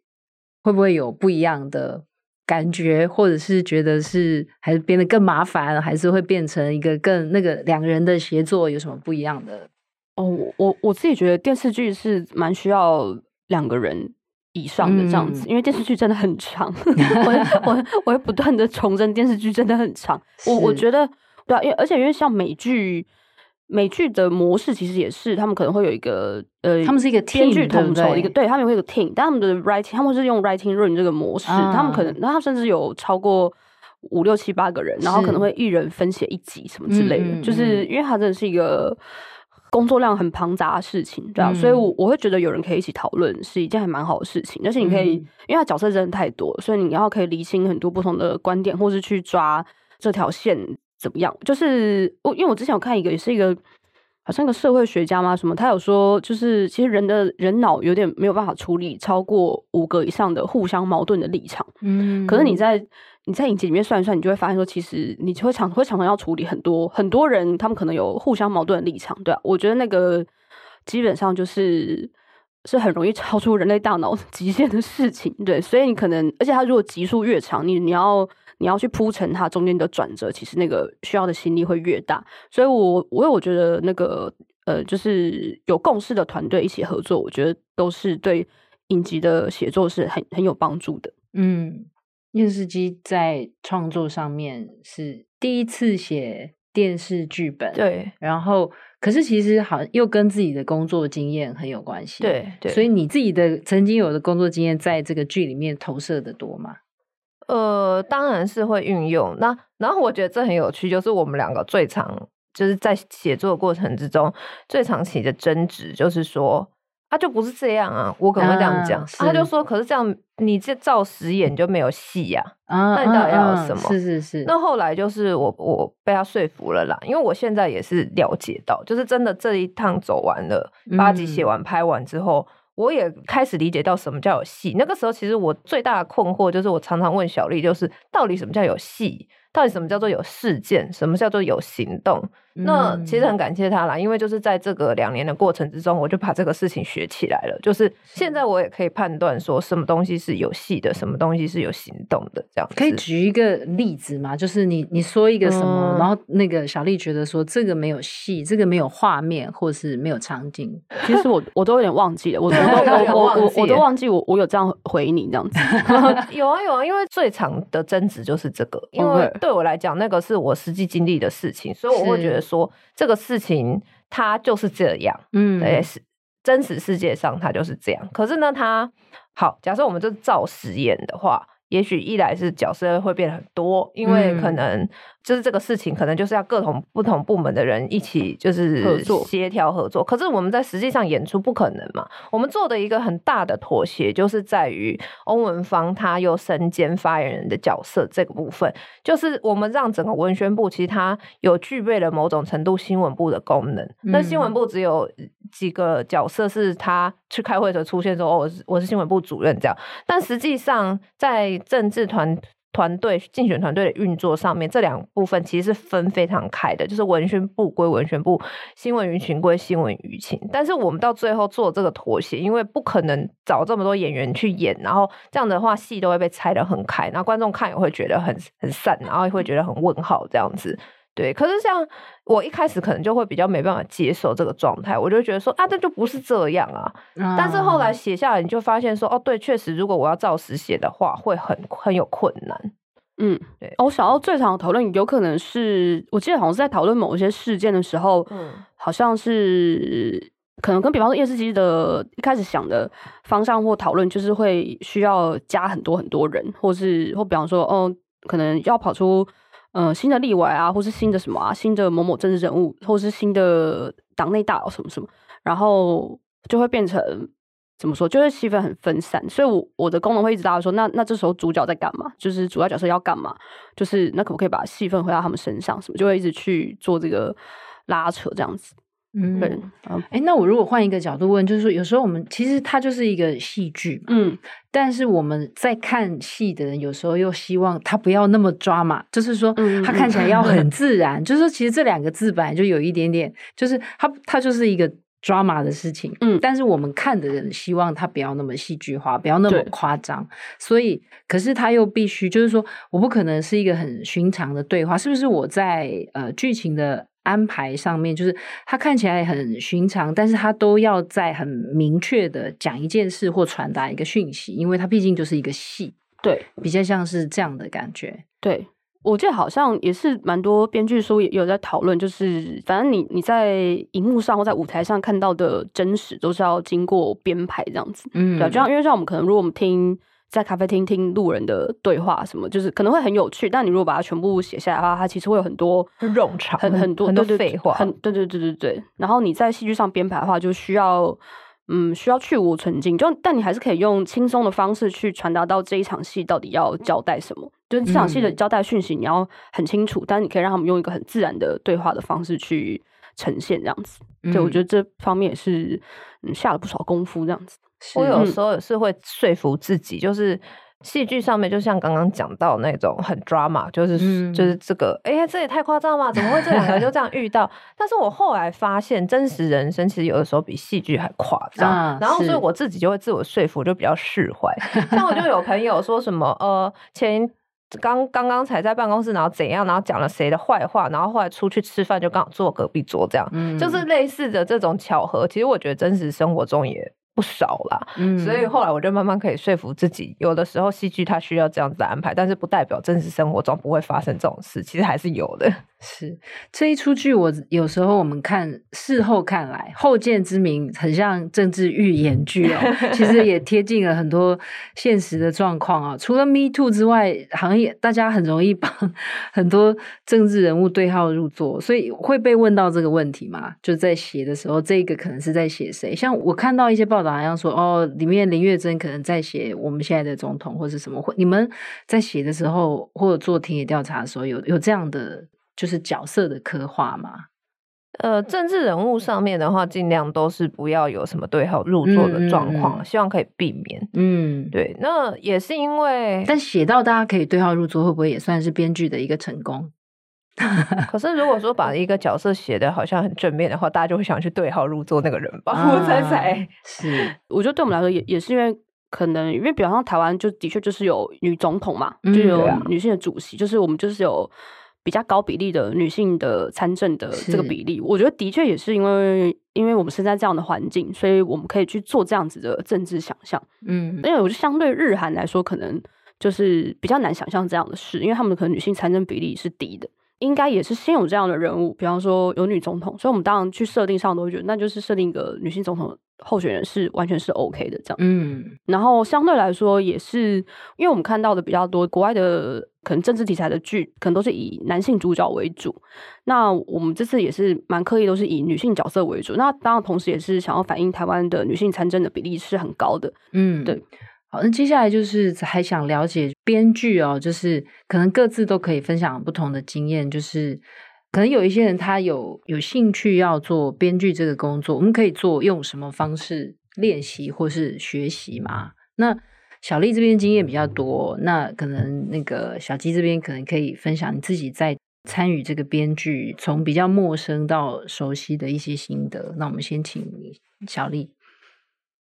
會不會有不一樣的？感覺，或者是覺得是還是變得更麻煩，還是會變成一個更那個，兩個人的協作有什麼不一樣的？哦，我我自己覺得電視劇是蠻需要兩個人以上的這樣子，嗯，因為電視劇真的很長， 我我我會不斷的重申電視劇真的很長，是我我覺得對啊，因為而且因為像美劇。美劇的模式其實也是，他們可能會有一個呃，他們是一個編劇統籌一個，對，他們會有一個 team，但他們的 writing，他們是用 writing room 這個模式，uh, 他們可能，那他甚至有超過五六七八個人，是然後可能會一人分寫一集什麼之類的，嗯、就是因為他真的是一個工作量很龐雜的事情，嗯、對啊，所以我我會覺得有人可以一起討論是一件還蠻好的事情，但是你可以，嗯、因為他角色真的太多，所以你要可以釐清很多不同的觀點，或是去抓這條線。怎麼樣？就是我，因為我之前有看一個，也是一個好像一個社會學家嘛，什麼他有說，就是其實人的人腦有點沒有辦法處理超過五個以上的互相矛盾的立場。嗯，可是你在你在影集裡面算一算，你就會發現說，其實你就會常會常常要處理很多很多人，他們可能有互相矛盾的立場，對吧，啊？我覺得那個基本上就是是很容易超出人類大腦極限的事情，對。所以你可能，而且他如果集數越長，你你要，你要去鋪陳它中間的轉折，其實那個需要的心力會越大。所以我，我我我覺得那個呃，就是有共識的團隊一起合作，我覺得都是對影集的寫作是很很有幫助的。嗯，厭世姬在創作上面是第一次寫電視劇本，對。然後，可是其實好像又跟自己的工作經驗很有關係，對，對。所以，你自己的曾經有的工作經驗，在這個劇裡面投射的多嗎？呃，當然是會運用那，然後我覺得這很有趣，就是我們兩個最常就是在寫作過程之中最常起的爭執，就是說，他、啊、就不是這樣啊，我可能會這樣講、uh, 啊？他就說，是可是這樣你這照實演就沒有戲呀、啊，uh, 那你到底要有什麼？Uh uh, 是是是。那後來就是我我被他說服了啦，因為我現在也是了解到，就是真的這一趟走完了八集寫完拍完之後。嗯我也開始理解到什麼叫有戲。那個時候，其實我最大的困惑就是，我常常問小麗，就是到底什麼叫有戲？到底什麼叫做有事件？什麼叫做有行動？那其實很感謝他啦，嗯、因為就是在這個兩年的過程之中，我就把這個事情學起來了。就是現在我也可以判斷說，什麼東西是有戲的，什麼東西是有行動的。這樣子可以舉一個例子嗎？就是你你說一個什麼，嗯、然後那個小莉覺得說這個沒有戲，這個沒有畫面，或是沒有場景。 其實我我都有點忘記了，我我 我我都 我，我都忘記我我有這樣回你這樣子。 有啊有啊，因為最長的爭執就是這個，Over. 因為對我來講，那個是我實際經歷的事情，所以我會覺得說。說這個事情，它就是這樣，嗯，是真實世界上它就是這樣。可是呢，它好，假設我們就造實驗的話。也許一來是角色會變得很多，因為可能就是這個事情，可能就是要各同不同部門的人一起就是合作、協調合作。可是我們在實際上演出不可能嘛，我們做的一個很大的妥協就是在於翁文方他又身兼發言人的角色這個部分，就是我們讓整個文宣部其實他有具備了某種程度新聞部的功能，那、嗯、新聞部只有。幾個角色是他去開會的時候出現說，哦，我是我是新聞部主任這樣，但實際上在政治團團隊競選團隊的運作上面，這兩部分其實是分非常開的，就是文宣部歸文宣部，新聞輿情歸新聞輿情，但是我們到最後做這個妥協，因為不可能找這麼多演員去演，然後這樣的話戲都會被拆得很開，然後觀眾看也會覺得很很散，然後也會覺得很問號這樣子。對，可是像我一開始可能就會比較沒辦法接受這個狀態，我就覺得說啊，這就不是這樣啊。嗯、但是後來寫下來，你就發現說，哦，對，確實，如果我要照實寫的話，會很很有困難。嗯，對、哦。我想到最常討論，有可能是我記得好像是在討論某些事件的時候，嗯，好像是可能跟比方說厭世姬的一開始想的方向或討論，就是會需要加很多很多人，或是或比方說，哦，可能要跑出。呃，新的例外啊，或是新的什麼啊，新的某某政治人物，或是新的黨內大佬什麼什麼，然後就會變成怎麼說，就是戲份很分散，所以我，我我的功能會一直拉說，那那這時候主角在幹嘛？就是主要角，角色要幹嘛？就是那可不可以把戲份回到他們身上？什麼就會一直去做這個拉扯這樣子。嗯，對，哎，那我如果換一個角度問，就是說，有時候我們其實它就是一個戲劇嘛，嗯，但是我們在看戲的人有時候又希望它不要那麼抓馬，就是說，它看起來要很自然， 就是說，其實這兩個字本來就有一點點，就是它他，他就是一個抓馬的事情，嗯，但是我們看的人希望它不要那麼戲劇化，不要那麼誇張，對所以，可是他又必須就是說，我不可能是一個很尋常的對話，是不是我在呃劇情的。安排上面，就是他看起來很尋常，但是他都要在很明確的講一件事或傳達一個訊息，因為他畢竟就是一個戲，對，比較像是這樣的感覺。對，我記得好像也是蠻多編劇書也有在討論，就是反正你你在熒幕上或在舞台上看到的真實，都是要經過編排這樣子，嗯，對啊，就像因為像我們可能如果我們聽。在咖啡廳聽路人的對話，什麼就是可能會很有趣。但你如果把它全部寫下來的話，它其實會有很多冗長，很很，很多對對很多廢話。很對對對對對。然後你在戲劇上編排的話，就需要嗯需要去蕪存菁，就但你還是可以用輕鬆的方式去傳達到這一場戲到底要交代什麼。就這場戲的交代訊息你要很清楚，嗯、但你可以讓他們用一個很自然的對話的方式去呈現這樣子。對、嗯，就我覺得這方面也是嗯下了不少功夫這樣子。是我有時候是會說服自己，就是戲劇上面就像剛剛講到那種很 drama，就是、嗯、就是這個哎呀這也太誇張嗎？怎麼會這兩個就這樣遇到？ 但是我後來發現，真實人生其實有的時候比戲劇還誇張。嗯、然後所以我自己就會自我說服，就比較釋懷。是像我就有朋友說什麼呃前剛剛剛才在辦公室，然後怎樣，然後講了誰的壞話，然後後來出去吃飯就剛好坐隔壁桌，這樣、嗯、就是類似的這種巧合。其實我覺得真實生活中也。不少啦，嗯，所以後來我就慢慢可以說服自己，有的時候戲劇它需要這樣子安排，但是不代表真實生活中不會發生這種事，其實還是有的。是這一齣劇，我有時候我們看事後看來，後見之明很像政治預言劇哦、喔。 其實也貼近了很多現實的狀況啊。除了 Me Too 之外，行業大家很容易把很多政治人物對號入座，所以會被問到這個問題嘛？就在寫的時候，這個可能是在寫誰？像我看到一些報道，好像說哦，裡面林月珍可能在寫我們現在的總統，或是什麼？或你們在寫的時候，或者做田野調查的時候，有有這樣的？就是角色的刻畫嘛，呃，政治人物上面的話，儘量都是不要有什麼對號入座的狀況，嗯、希望可以避免。嗯，對，那也是因為，但寫到大家可以對號入座，會不會也算是編劇的一個成功？ 可是如果說把一個角色寫得好像很正面的話，大家就會想去對號入座那個人吧？嗯、我猜猜，是。我覺得對我們來說也，也也是因為可能，因為比方說台灣就的確就是有女總統嘛，就有女性的主席，嗯啊、就是我們就是有。比較高比例的女性的參政的這個比例，是我覺得的確也是因為因為我們身在這樣的環境，所以我們可以去做這樣子的政治想象。嗯，因為我就相對日韓來說，可能就是比較難想象這樣的事，因為他們可能女性參政比例是低的。應該也是先有這樣的人物，比方說有女總統，所以我們當然去設定上都會覺得，那就是設定一個女性總統候選人是完全是 OK 的這樣。嗯，然後相對來說也是，因為我們看到的比較多國外的可能政治題材的劇，可能都是以男性主角為主。那我們這次也是蠻刻意，都是以女性角色為主。那當然同時也是想要反映台灣的女性參政的比例是很高的。嗯，對。好，那接下來就是還想了解編劇哦，就是可能各自都可以分享不同的經驗，就是可能有一些人他有有興趣要做編劇這個工作，我們可以做用什麼方式練習或是學習嗎？那小莉這邊經驗比較多，那可能那個小姬這邊可能可以分享你自己在參與這個編劇，從比較陌生到熟悉的一些心得。那我們先請小莉。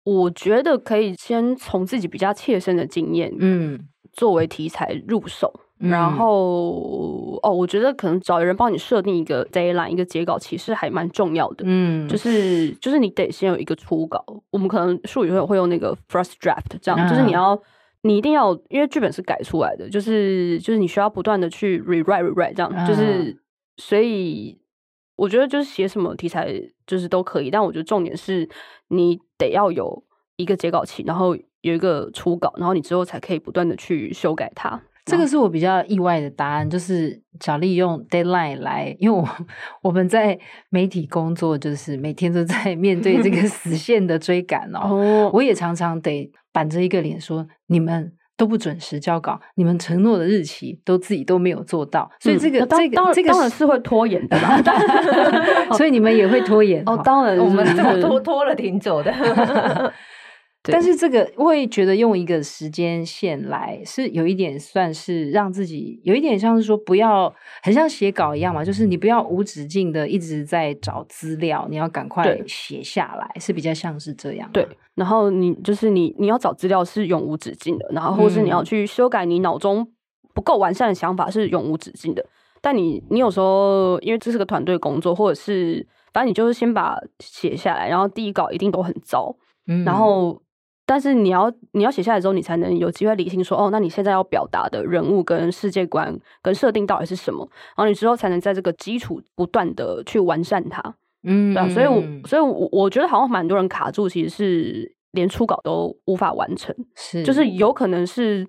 我覺得可以先從自己比較切身的經驗，嗯，作為題材入手，嗯、然後哦，我覺得可能找人幫你設定一個 deadline，一個截稿，其實還蠻重要的，嗯，就是就是你得先有一個初稿。我們可能術語會會用那個 first draft，這樣、嗯、就是你要你一定要，因為劇本是改出來的，就是就是你需要不斷的去 rewrite rewrite，這樣就是。嗯、所以我覺得就是寫什麼題材就是都可以，但我覺得重點是你。得要有一個截稿期，然後有一個初稿，然後你之後才可以不斷的去修改它。這個是我比較意外的答案，就是想利用 deadline 來，因為我我們在媒體工作，就是每天都在面對這個時限的追趕哦。 我也常常得板着一個臉說你們。都不準時交稿，你們承諾的日期都自己都沒有做到，所以這個、嗯啊、這個這個當然是會拖延的，所以你們也會拖延。哦，好當然是是，我們這麼拖拖了挺久的。 對但是這個會覺得用一個時間線來是有一點算是讓自己有一點像是說不要很像寫稿一樣嘛，就是你不要無止境的一直在找資料，你要趕快寫下來對是比較像是這樣、啊。對，然後你就是你你要找資料是永無止境的，然後或是你要去修改你腦中不夠完善的想法是永無止境的。嗯、但你你有時候因為這是個團隊工作，或者是反正你就是先把寫下來，然後第一稿一定都很糟，嗯、然後。但是你要你要寫下來之後，你才能有機會理性說，哦，那你現在要表達的人物跟世界觀跟設定到底是什麼？然後你之後才能在這個基礎不斷的去完善它，嗯，對啊，所以我所以我我覺得好像蠻多人卡住，其實是連初稿都無法完成，是，就是有可能是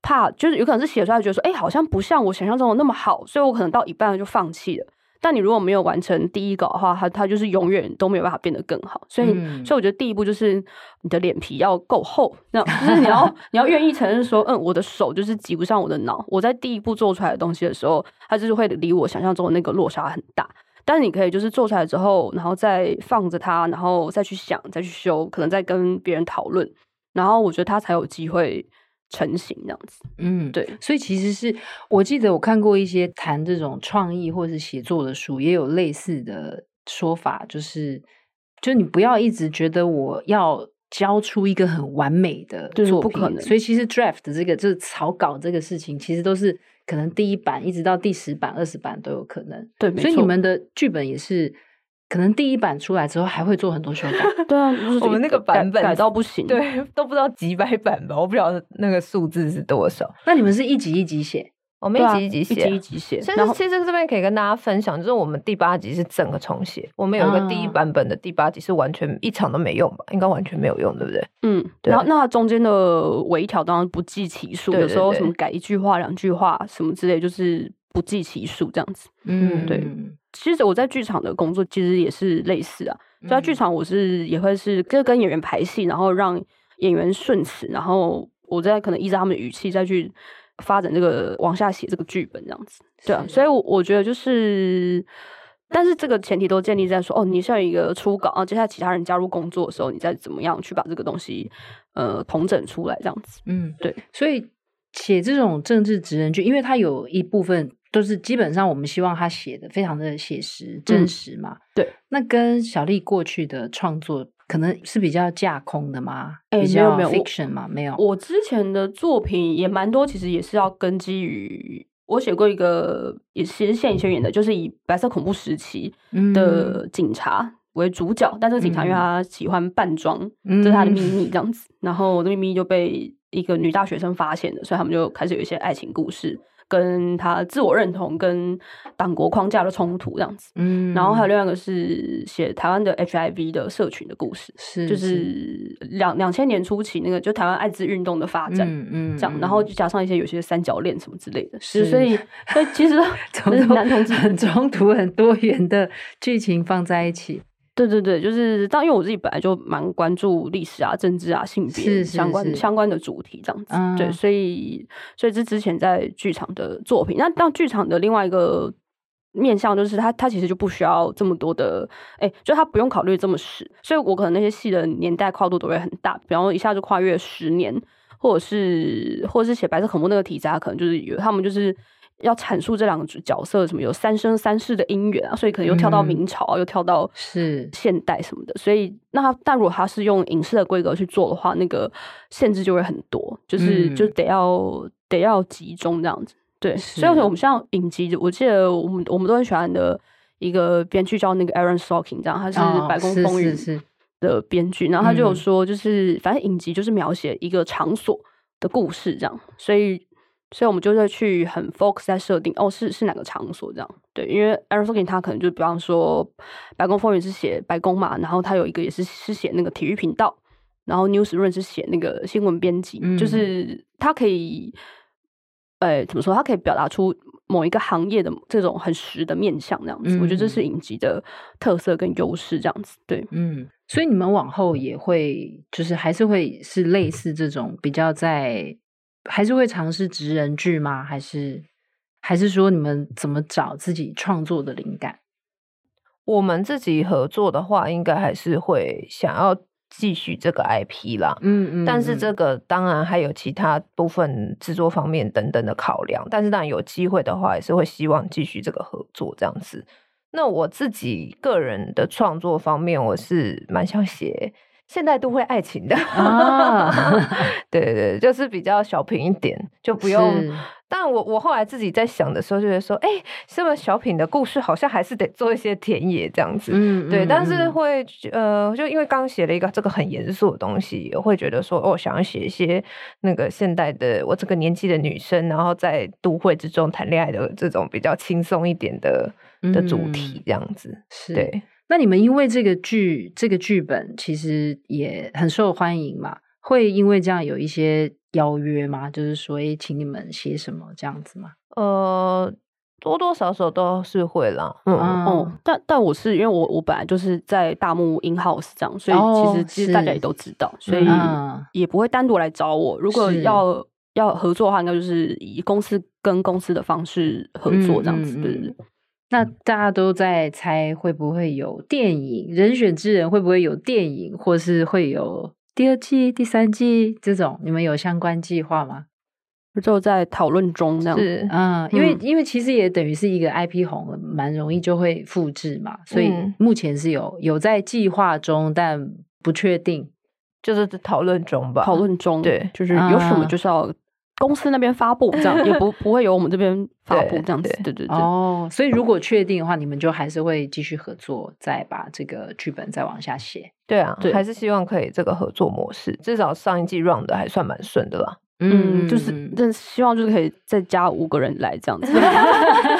怕，就是有可能是寫出來覺得說，欸，好像不像我想象中的那麼好，所以我可能到一半就放棄了。但你如果沒有完成第一稿的話，它它就是永遠都沒有辦法變得更好。所以，嗯、所以我覺得第一步就是你的臉皮要夠厚，那就是你要 你要願意承認說，嗯，我的手就是及不上我的腦。我在第一步做出來的東西的時候，它就是會離我想象中的那個落差很大。但是你可以就是做出來之後，然後再放着它，然後再去想，再去修，可能再跟別人討論，然後我覺得它才有機會。成型那樣子，嗯，對，所以其實是我記得我看過一些談這種創意或是寫作的書，也有類似的說法，就是就你不要一直覺得我要交出一個很完美的作品，不可能。所以其實 draft 這個就是草稿這個事情，其實都是可能第一版一直到第十版、二十版都有可能。對，所以你們的劇本也是。可能第一版出來之後還會做很多修改， 對啊， 我們那個版本改到不行，對，都不知道幾百版吧，我不曉得那個數字是多少。那你們是一集一集寫？我們一集一集寫、啊啊，一集一集寫。所以後其實這邊可以跟大家分享，就是我們第八集是整個重寫，後我們有一個第一版本的第八集是完全一場都沒用吧，應該完全沒有用，對不對？嗯。啊、然後那中間的微調當然不計其數，對對對對，有時候什麼改一句話、兩句話什麼之類，就是。不計其數，這樣子，嗯，對。其實我在劇場的工作其實也是類似啊，嗯、在劇場我是也會是跟跟演員排戲，然後讓演員順詞，然後我再可能依照他們的語氣再去發展這個往下寫這個劇本，這樣子。對啊，是所以我，我我覺得就是，但是這個前提都建立在說，哦，你像一個初稿啊，接下來其他人加入工作的時候，你再怎麼樣去把這個東西呃統整出來，這樣子。嗯，對。所以寫這種政治職人劇，因為它有一部分。就是基本上，我們希望他寫的非常的寫實、真實嘛。嗯、對，那跟小莉過去的創作可能是比較架空的嗎？哎、欸，比較沒有沒有，fiction 嘛，沒有。我，沒有，我之前的作品也蠻多，其實也是要根基於我寫過一個，也其實像以前演的，就是以白色恐怖時期的警察為主角，嗯、但這個警察因為他喜歡扮裝，嗯、這是他的秘密這樣子。嗯、然後我的秘密就被一個女大學生發現了，所以他們就開始有一些愛情故事。跟他自我認同跟黨國框架的衝突這樣子，嗯，然後還有另外一個是寫台灣的 HIV 的社群的故事，是就是兩兩千年初期那個就台灣艾滋運動的發展，嗯嗯，嗯這樣，然後就加上一些有些三角戀什麼之類的，是，所以所以其實 很多很衝突很多元的劇情放在一起。對對對，就是當因為我自己本來就蠻關注歷史啊、政治啊、性別相關是是是相關的主題這樣子，嗯、對，所以所以這之前在劇場的作品，那當劇場的另外一個面向就是，他他其實就不需要這麼多的，誒就他不用考慮這麼實，所以我可能那些戲的年代跨度都會很大，比方說一下就跨越十年，或者是或者是寫白色恐怖那個題材，可能就是有他們就是。要闡述這兩個角色什麼有三生三世的姻緣啊，所以可能又跳到明朝、啊，嗯、又跳到是現代什麼的，是所以那他但如果他是用影視的規格去做的話，那個限制就會很多，就是、嗯、就得要得要集中這樣子。對，是所以我們像影集，我記得我們我們都很喜歡的一個編劇叫那個 Aaron Sorkin，這樣他是《白宮風雲》的編劇，哦、是是是，然後他就有說，就是、嗯、反正影集就是描寫一個場所的故事這樣，所以。所以，我們就會去很 focus 在設定哦，是是哪個場所這樣？對，因為 Aaron Sorkin 他可能就比方說白宮風雲是寫白宮嘛，然後他有一個也是是寫那個體育頻道，然後 Newsroom 是寫那個新聞編輯，嗯、就是他可以，哎，怎麼說？他可以表達出某一個行業的這種很實的面向，這樣子。嗯、我覺得這是影集的特色跟優勢，這樣子。對，嗯，所以你們往後也會就是還是會是類似這種比較在。還是會嘗試職人劇嗎？還是還是說你們怎麼找自己創作的靈感？我們自己合作的話，應該還是會想要繼續這個 IP 啦。嗯嗯。但是這個當然還有其他部分制作方面等等的考量。但是當然有機會的話，也是會希望繼續這個合作這樣子。那我自己個人的創作方面，我是蠻想寫。現代都會愛情的，啊、 對對對，就是比較小品一點，就不用。是但我我後來自己在想的時候，就會說，哎、欸，什麼小品的故事，好像還是得做一些田野這樣子。嗯、對。嗯、但是會呃，就因為剛寫了一個這個很嚴肅的東西，我會覺得說，哦，我想要寫一些那個現代的我這個年紀的女生，然後在都會之中談戀愛的這種比較輕鬆一點的的主題這樣子，嗯、對。那你們因為這個劇，這個劇本其實也很受歡迎嘛，會因為這樣有一些邀約嗎？就是說請你們寫什麼這樣子嗎？呃，多多少少都是會啦，嗯啊嗯。嗯但但我是因為我我本來就是在大幕 in house 這樣，所以其實其實大家也都知道，哦，所以也不會單獨來找我。嗯啊，如果要要合作的話，應該就是以公司跟公司的方式合作這樣子。嗯嗯嗯那大家都在猜，會不會有電影，人選之人會不會有電影，或是會有第二季、第三季這種？你們有相關計劃嗎？就在討論中這樣子。嗯，嗯，因為因為其實也等於是一個 IP 紅了，蠻容易就會複製嘛，所以目前是有、嗯、有在計劃中，但不確定，就是討論中吧。討論中、嗯、對，就是有什麼就是要、嗯。公司那邊發布這樣，也不不會由我們這邊發布 這樣子，對，對對對。哦，所以如果確定的話，你們就還是會繼續合作，再把這個劇本再往下寫。對啊，對，還是希望可以這個合作模式，至少上一季 run 的還算蠻順的吧。嗯，就是，嗯、但希望就是可以再加五個人來這樣子。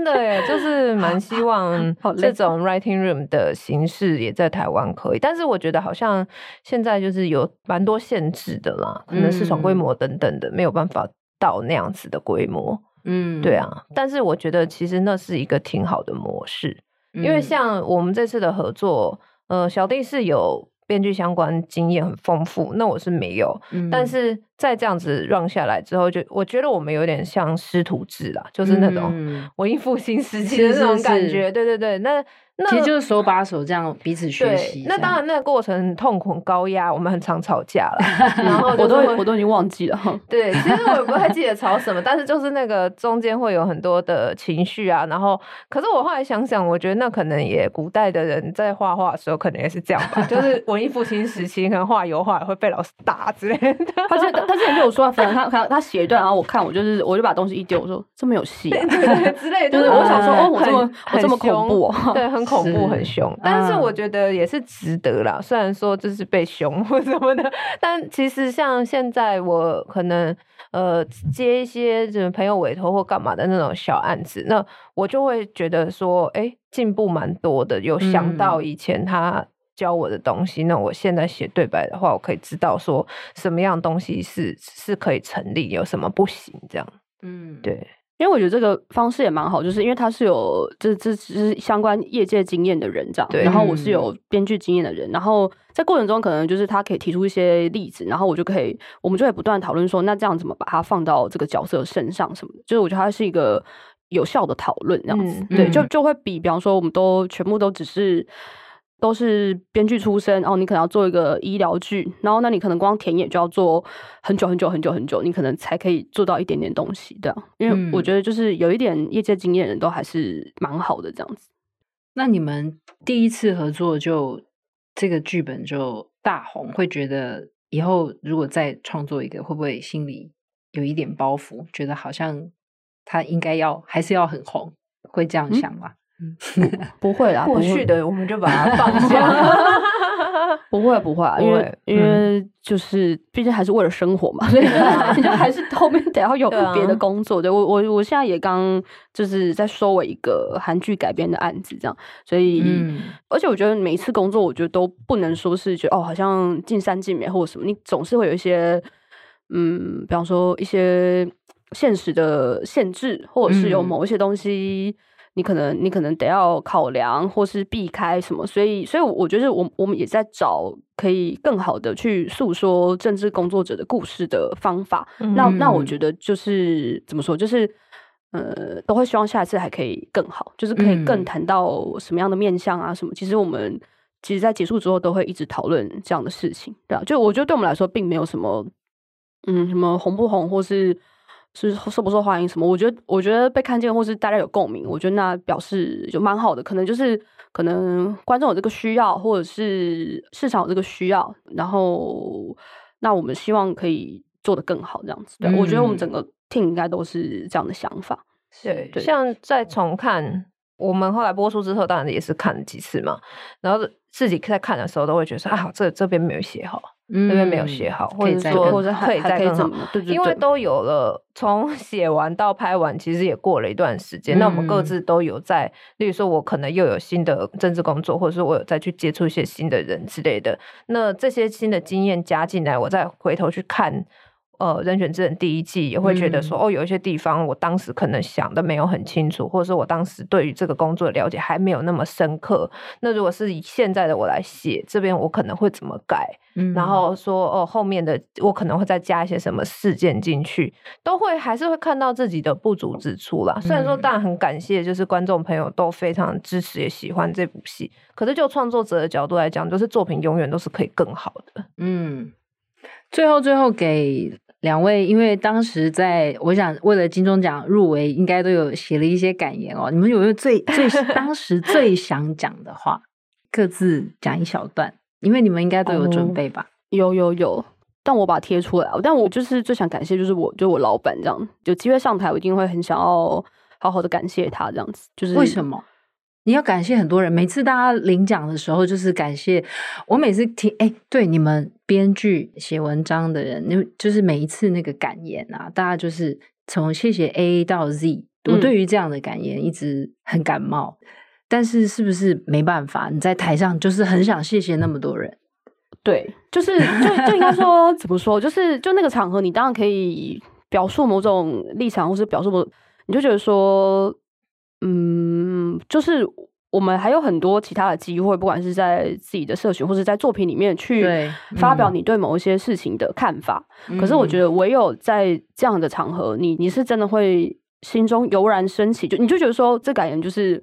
真的耶，就是蠻希望這種 writing room 的形式也在台灣可以， 累但是我覺得好像現在就是有蠻多限制的啦，嗯、可能市場規模等等的沒有辦法到那樣子的規模。嗯，對啊，但是我覺得其實那是一個挺好的模式，嗯、因為像我們這次的合作，呃，小弟是有。編劇相關經驗很豐富，那我是沒有。嗯、但是再這樣子 run 下來之後，就我覺得我們有點像師徒制啦，就是那種文藝復興時期的那種感覺。是是是，對對對，那。其實就是手把手這樣彼此學習。那當然，那個過程痛苦高壓，我們很常吵架了。然後我都我都已經忘記了。對，其實我也不太記得吵什麼，但是就是那個中間會有很多的情緒啊。然後，可是我後來想想，我覺得那可能也古代的人在畫畫的時候可能也是這樣吧。就是文藝復興時期，可能畫油畫也會被老師打之類的。他就他就跟我說，反正他他寫一段，然後我看，我就是我就把東西一丟，我說這麼有戲之類的。就是我想說，哦，我這麼我這麼恐怖，對，很。是恐怖很兇，但是我覺得也是值得啦。嗯、雖然說就是被兇或什麼的，但其實像現在我可能呃接一些什麼朋友委托或幹嘛的那種小案子，那我就會覺得說，哎、欸，進步蠻多的。有想到以前他教我的東西，嗯、那我現在寫對白的話，我可以知道說什麼樣東西是是可以成立，有什麼不行這樣。嗯，對。因為我覺得這個方式也蠻好，就是因為他是有這這這相關業界經驗的人這樣，對然後我是有編劇經驗的人，嗯、然後在過程中可能就是他可以提出一些例子，然後我就可以，我們就會不斷討論說，那這樣怎麼把它放到這個角色身上什麼的？就是我覺得它是一個有效的討論這樣子，嗯、對，就就會比，比方說我們都全部都只是。都是編劇出身，哦，你可能要做一個醫療劇，然後那你可能光田野就要做很久很久很久很久，你可能才可以做到一點點東西對、啊。因為我覺得就是有一點業界經驗的人都還是蠻好的這樣子、嗯。那你們第一次合作就這個劇本就大紅，會覺得以後如果再創作一個，會不會心裡有一點包袱，覺得好像他應該要還是要很紅，會這樣想嗎？嗯不 不會啦，過去的我們就把它放下。 不會不會、啊，不會因為、嗯、因為就是，畢竟還是為了生活嘛，所以、 啊、 還是後面得要有別的工作。對、啊、對我我我現在也剛就是在收尾一個韓劇改編的案子，這樣。所以，嗯、而且我覺得每一次工作，我覺得都不能說是覺得哦，好像盡善盡美或者什麼，你總是會有一些，嗯，比方說一些現實的限制，或者是有某一些東西、嗯。你可能，你可能得要考量，或是避開什麼，所以，所以我覺得是我，我我們也在找可以更好的去訴說政治工作者的故事的方法。嗯、那那我覺得就是怎麼說，就是呃，都會希望下一次還可以更好，就是可以更談到什麼樣的面向啊，什麼。嗯、其實我們其實在結束之後都會一直討論這樣的事情，對啊，就我覺得對我們來說並沒有什麼，嗯，什麼紅不紅或是。就是受不受歡迎什麼？我覺得，我覺得被看見或是大家有共鳴，我覺得那表示就蠻好的。可能就是可能觀眾有這個需要，或者是市場有這個需要。然後，那我們希望可以做得更好，這樣子。對，我覺得我們整個 team 應該都是這樣的想法。對，對像在重看，嗯、我們後來播出之後，當然也是看了幾次嘛。然後自己在看的時候，都會覺得說啊、哎，好，這這邊沒有寫好。因為、嗯、沒有寫好，或者說，還或者可以再更好，對，對，因為都有了。從寫完到拍完，其實也過了一段時間。嗯、那我們各自都有在，例如說，我可能又有新的政治工作，或者說我有再去接觸一些新的人之類的。那這些新的經驗加進來，我再回頭去看。呃，哦，《人選之人》第一季也會覺得說，嗯、哦，有一些地方我當時可能想的沒有很清楚，或者是我當時對於這個工作的了解還沒有那麼深刻。那如果是以現在的我來寫，這邊我可能會怎麼改？嗯、然後說，哦，後面的我可能會再加一些什麼事件進去，都會還是會看到自己的不足之處啦。雖然說，但很感謝，就是觀眾朋友都非常支持，也喜歡這部戲。可是，就創作者的角度來講，就是作品永遠都是可以更好的。嗯，最後，最後給。兩位，因為當時在，我想為了金鐘獎入圍，應該都有寫了一些感言哦。你們有沒有最最當時最想講的話？ 各自講一小段，因為你們應該都有準備吧。哦？有有有，但我把它貼出來。但我就是最想感謝就，就是我就我老板這樣。有機會上台，我一定會很想要好好的感謝他這樣子。就是為什麼？你要感謝很多人。每次大家領獎的時候，就是感謝，我每次聽哎、欸，對你們編劇寫文章的人，就就是每一次那個感言啊，大家就是從謝謝 A 到 Z、嗯。我對於這樣的感言一直很感冒，但是是不是沒辦法？你在台上就是很想謝謝那麼多人。對，就是就就應該說 怎麼說？就是就那個場合，你當然可以表述某種立場，或是表述我，你就覺得說嗯。嗯、就是我們還有很多其他的機會，不管是在自己的社群，或是在作品裡面去發表你對某一些事情的看法。嗯、可是我覺得，唯有在這樣的場合，你你是真的會心中油然升起，就你就覺得說，這感言就是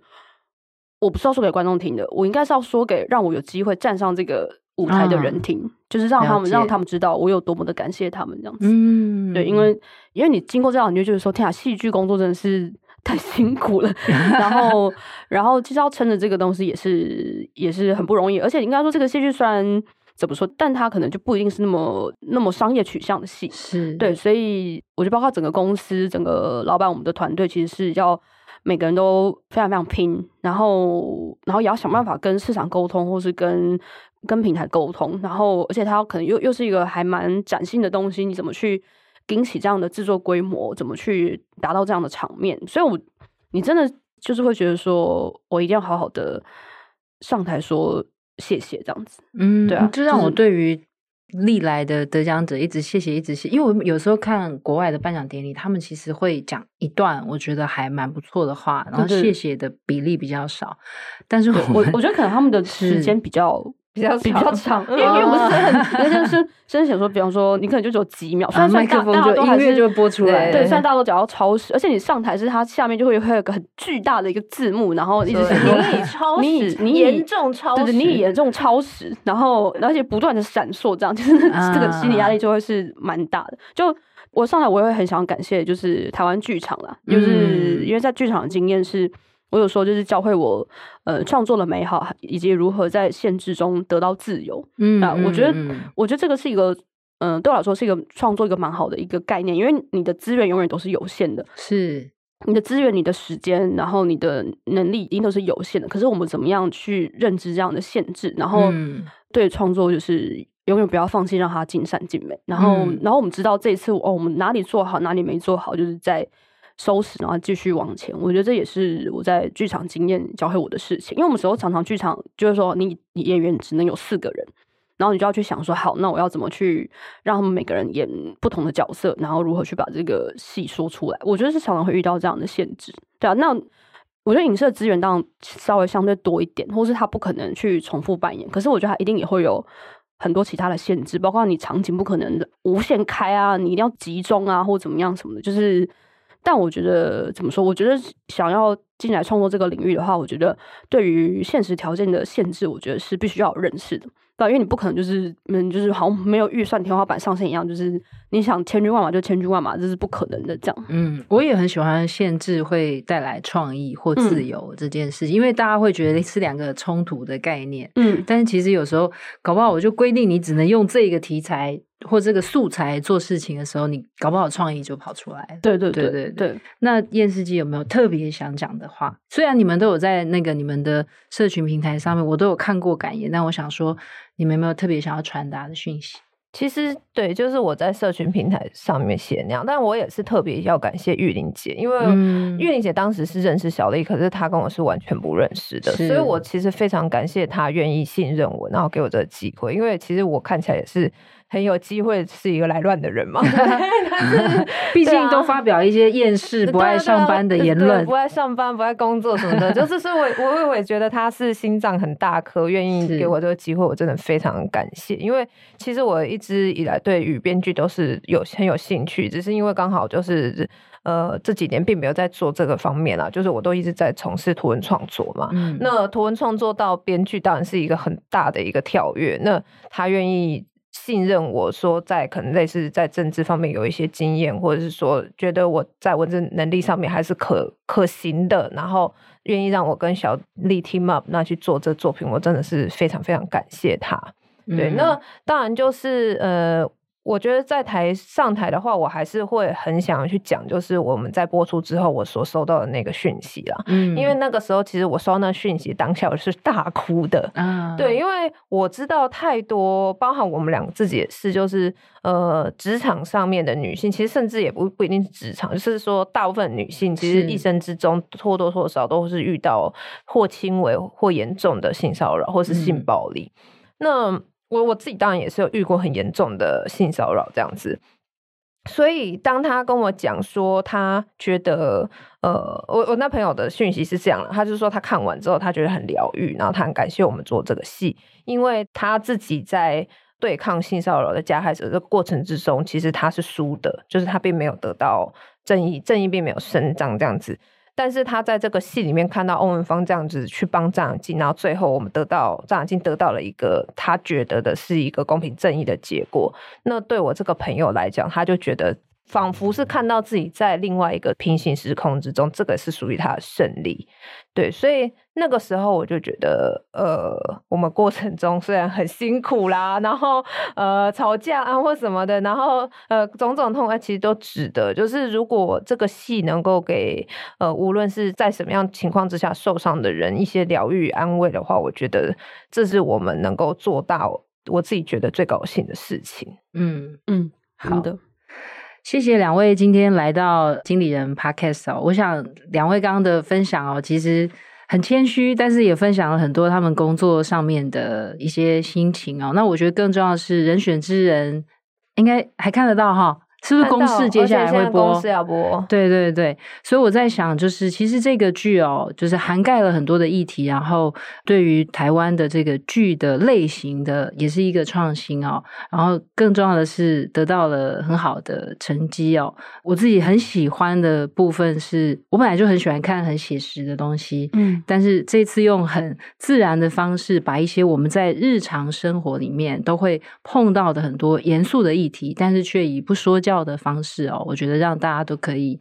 我不是要說給觀眾聽的，我應該是要說給讓我有機會站上這個舞台的人聽，嗯、就是讓他們了解，讓他們知道我有多麼的感謝他們這樣子。嗯、對，因為、嗯、因為你經過這樣，你就覺得說，天啊，戲劇工作真的是。太辛苦了， 然後，然後就是要撐着這個東西，也是也是很不容易。而且，應該說這個戲劇雖然怎麼說，但它可能就不一定是那麼那麼商業取向的戲，是對。所以，我覺得包括整個公司、整個老闆、我們的團隊，其實是要每個人都非常非常拼，然後，然後也要想辦法跟市場溝通，或是跟跟平台溝通。然後，而且它可能又又是一個還蠻嶄新的東西，你怎麼去？引起這樣的制作規模，怎麼去達到這樣的場面？所以我，我你真的就是會覺得說，我一定要好好的上台說謝謝這樣子。嗯，對啊，就是、就讓我對於歷來的得獎者一直謝謝一直謝謝，因為我有時候看國外的頒獎典禮，他們其實會講一段我覺得還蠻不錯的話，然後謝謝的比例比較少，對，但是我我，我覺得可能他們的時間比較。比較比較長，因為我不是很，那就是甚至想說，比方說你可能就只有幾秒，雖然麥克風就音樂就會播出來，對，算大多講到超時，而且你上台是它下面就會會有個很巨大的一個字幕，然後一直是你超你你嚴重超時，就是你嚴重超時，然後而且不斷的閃爍，這樣就是這個心理壓力就會是蠻大的。就我上台，我也會很想感謝，就是台灣劇場啦，就是因為在劇場的經驗是。我有說就是教會我，呃，創作的美好以及如何在限制中得到自由。嗯，啊，我覺得，我覺得這個是一個，嗯、呃，對我來說是一個創作一個蠻好的一個概念，因為你的資源永遠都是有限的，是你的資源、你的時間，然後你的能力一定都是有限的。可是我們怎麼樣去認知這樣的限制？然後對創作就是永遠不要放棄讓它盡善盡美。然後，嗯、然後我們知道這一次哦，我們哪裡做好，哪裡沒做好，就是在。收拾，然後繼續往前。我覺得這也是我在劇場經驗教會我的事情。因為我們時候常常劇場就是說，你演員只能有四個人，然後你就要去想說，好，那我要怎麼去讓他們每個人演不同的角色，然後如何去把這個戲說出來？我覺得是常常會遇到這樣的限制，對啊。那我覺得影視資源當然稍微相對多一點，或是他不可能去重複扮演，可是我覺得他一定也會有很多其他的限制，包括你場景不可能無限開啊，你一定要集中啊，或怎麼樣什麼的，就是。但我覺得怎麼說，我覺得想要進來創作這個領域的話，我覺得對於現實條件的限制，我覺得是必須要認識的，對吧？因為你不可能就是嗯，就是好像沒有預算天花板上線一樣，就是你想千軍萬馬就千軍萬馬，這是不可能的。這樣，嗯，我也很喜歡限制會帶來創意或自由這件事情，嗯、因為大家會覺得是兩個衝突的概念，嗯，但是其實有時候搞不好，我就規定你只能用這個題材或這個素材做事情的時候，你搞不好創意就跑出來了。對對對對對。那厭世姬有沒有特別想講的？話，雖然你們都有在那個你們的社群平台上面，我都有看過感言，但我想說，你們有沒有特別想要傳達的訊息？其實對，就是我在社群平台上面寫那樣，但我也是特別要感謝玉玲姐，因為玉玲姐當時是認識小麗，可是她跟我是完全不認識的，是所以我其實非常感謝她願意信任我，然後給我這個機會，因為其實我看起來也是，很有機會是一個來亂的人嘛。 畢竟都發表一些厭世、不愛上班的言論， 不愛上班、不愛工作什麼的。 就是，說我，我，我也覺得他是心臟很大顆，願意給我這個機會，我真的非常感謝。因為其實我一直以來對於編劇都是有很有興趣，只是因為剛好就是呃這幾年並沒有在做這個方面啊，就是我都一直在從事圖文創作嘛。嗯。那圖文創作到編劇，當然是一個很大的一個跳躍。那他願意。信任我說，在可能類似在政治方面有一些經驗，或者是說覺得我在文字能力上面還是可可行的，然後願意讓我跟小莉 team up，那去做這作品，我真的是非常非常感謝他。嗯、對，那當然就是呃。我覺得在台上台的話，我還是會很想要去講，就是我們在播出之後我所收到的那個訊息啦，嗯，因為那個時候其實我收到訊息當下我是大哭的。嗯、啊，對，因為我知道太多，包含我們兩個自己也是，就是呃，職場上面的女性，其實甚至也不不一定是職場，就是說大部分女性其實一生之中或多或少都是遇到或輕微或嚴重的性騷擾或是性暴力。嗯、那我我自己當然也是有遇過很嚴重的性騷擾這樣子，所以當他跟我講說他覺得呃，我我那朋友的訊息是這樣他就說他看完之後他覺得很療癒，然後他很感謝我們做這個戲，因為他自己在對抗性騷擾的加害者的過程之中，其實他是輸的，就是他並沒有得到正義，正義並沒有伸張這樣子。但是他在這個戲裡面看到翁文方這樣子去幫張亞靜，然後最後我們得到張亞靜得到了一個他覺得的是一個公平正義的結果。那對我這個朋友來講，他就覺得仿佛是看到自己在另外一個平行時空之中，這個是屬於他的勝利。對，所以。那個時候我就覺得，呃，我們過程中雖然很辛苦啦，然後呃吵架啊或什麼的，然後呃種種痛啊，其實都值得。就是如果這個戲能夠給呃無論是在什麼樣情況之下受傷的人一些療癒安慰的話，我覺得這是我們能夠做到，我自己覺得最高興的事情。嗯嗯，嗯好嗯的，謝謝兩位今天來到經理人 Podcast 哦。我想兩位剛剛的分享哦，其實。很謙虛，但是也分享了很多他們工作上面的一些心情哦。那我覺得更重要的是，人選之人應該還看得到哈。是不是公視接下來會播？對對對，所以我在想，就是其實這個劇哦，就是涵蓋了很多的議題，然後對於台灣的這個劇的類型的也是一個創新哦。然後更重要的是得到了很好的成績哦。我自己很喜歡的部分是我本來就很喜歡看很寫實的東西，嗯，但是這次用很自然的方式，把一些我們在日常生活裡面都會碰到的很多嚴肅的議題，但是卻以不說教。的方式哦，我覺得讓大家都可以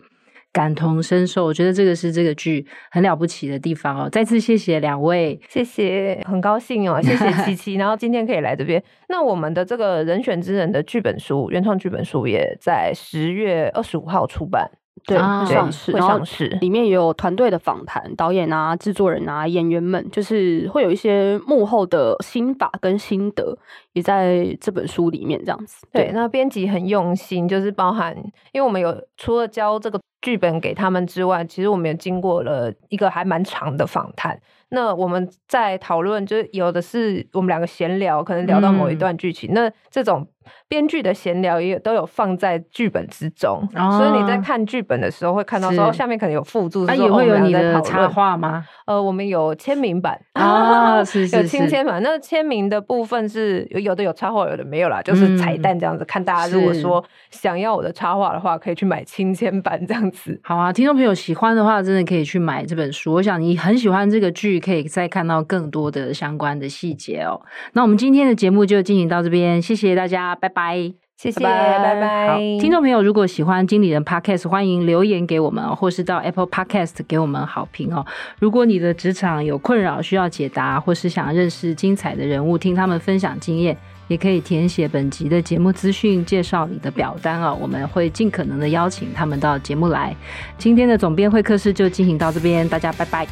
感同身受，我覺得這個是這個劇很了不起的地方哦。再次謝謝兩位，謝謝，很高興哦，謝謝琪琪。 然後今天可以來這邊。那我們的這個《人選之人的劇本書》原創劇本書也在十月二十五號出版。對，上市會上市，啊、裡面也有團隊的訪談，導演啊、製作人啊、演員們，就是會有一些幕後的心法跟心得，也在這本書裡面這樣子。對，對，那編輯很用心，就是包含，因為我們有除了交這個劇本給他們之外，其實我們也經過了一個還蠻長的訪談。那我們在討論，就是有的是我們兩個閒聊，可能聊到某一段劇情，嗯、那這種。編劇的閒聊也都有放在劇本之中，哦、所以你在看劇本的時候會看到說是、哦、下面可能有附注，它、就是、也會有你的插畫嗎？呃、哦，我們有簽名版啊，哦嗯、有親簽版。是是是，那簽名的部分是有的有插畫，有的沒有啦，就是彩蛋這樣子。嗯、看大家如果說想要我的插畫的話，可以去買親簽版這樣子。好啊，聽眾朋友喜歡的話，真的可以去買這本書。我想你很喜歡這個劇，可以再看到更多的相關的細節哦。那我們今天的節目就進行到這邊，謝謝大家。拜拜，bye bye. 謝謝，拜拜。好，聽眾朋友，如果喜歡經理人 Podcast，歡迎留言給我們，或是到 Apple Podcast 給我們好評哦。如果你的職場有困擾需要解答，或是想認識精彩的人物，聽他們分享經驗，也可以填寫本集的節目資訊，介紹你的表單哦。我們會盡可能的邀請他們到節目來。今天的總編會客室就進行到這邊，大家拜拜。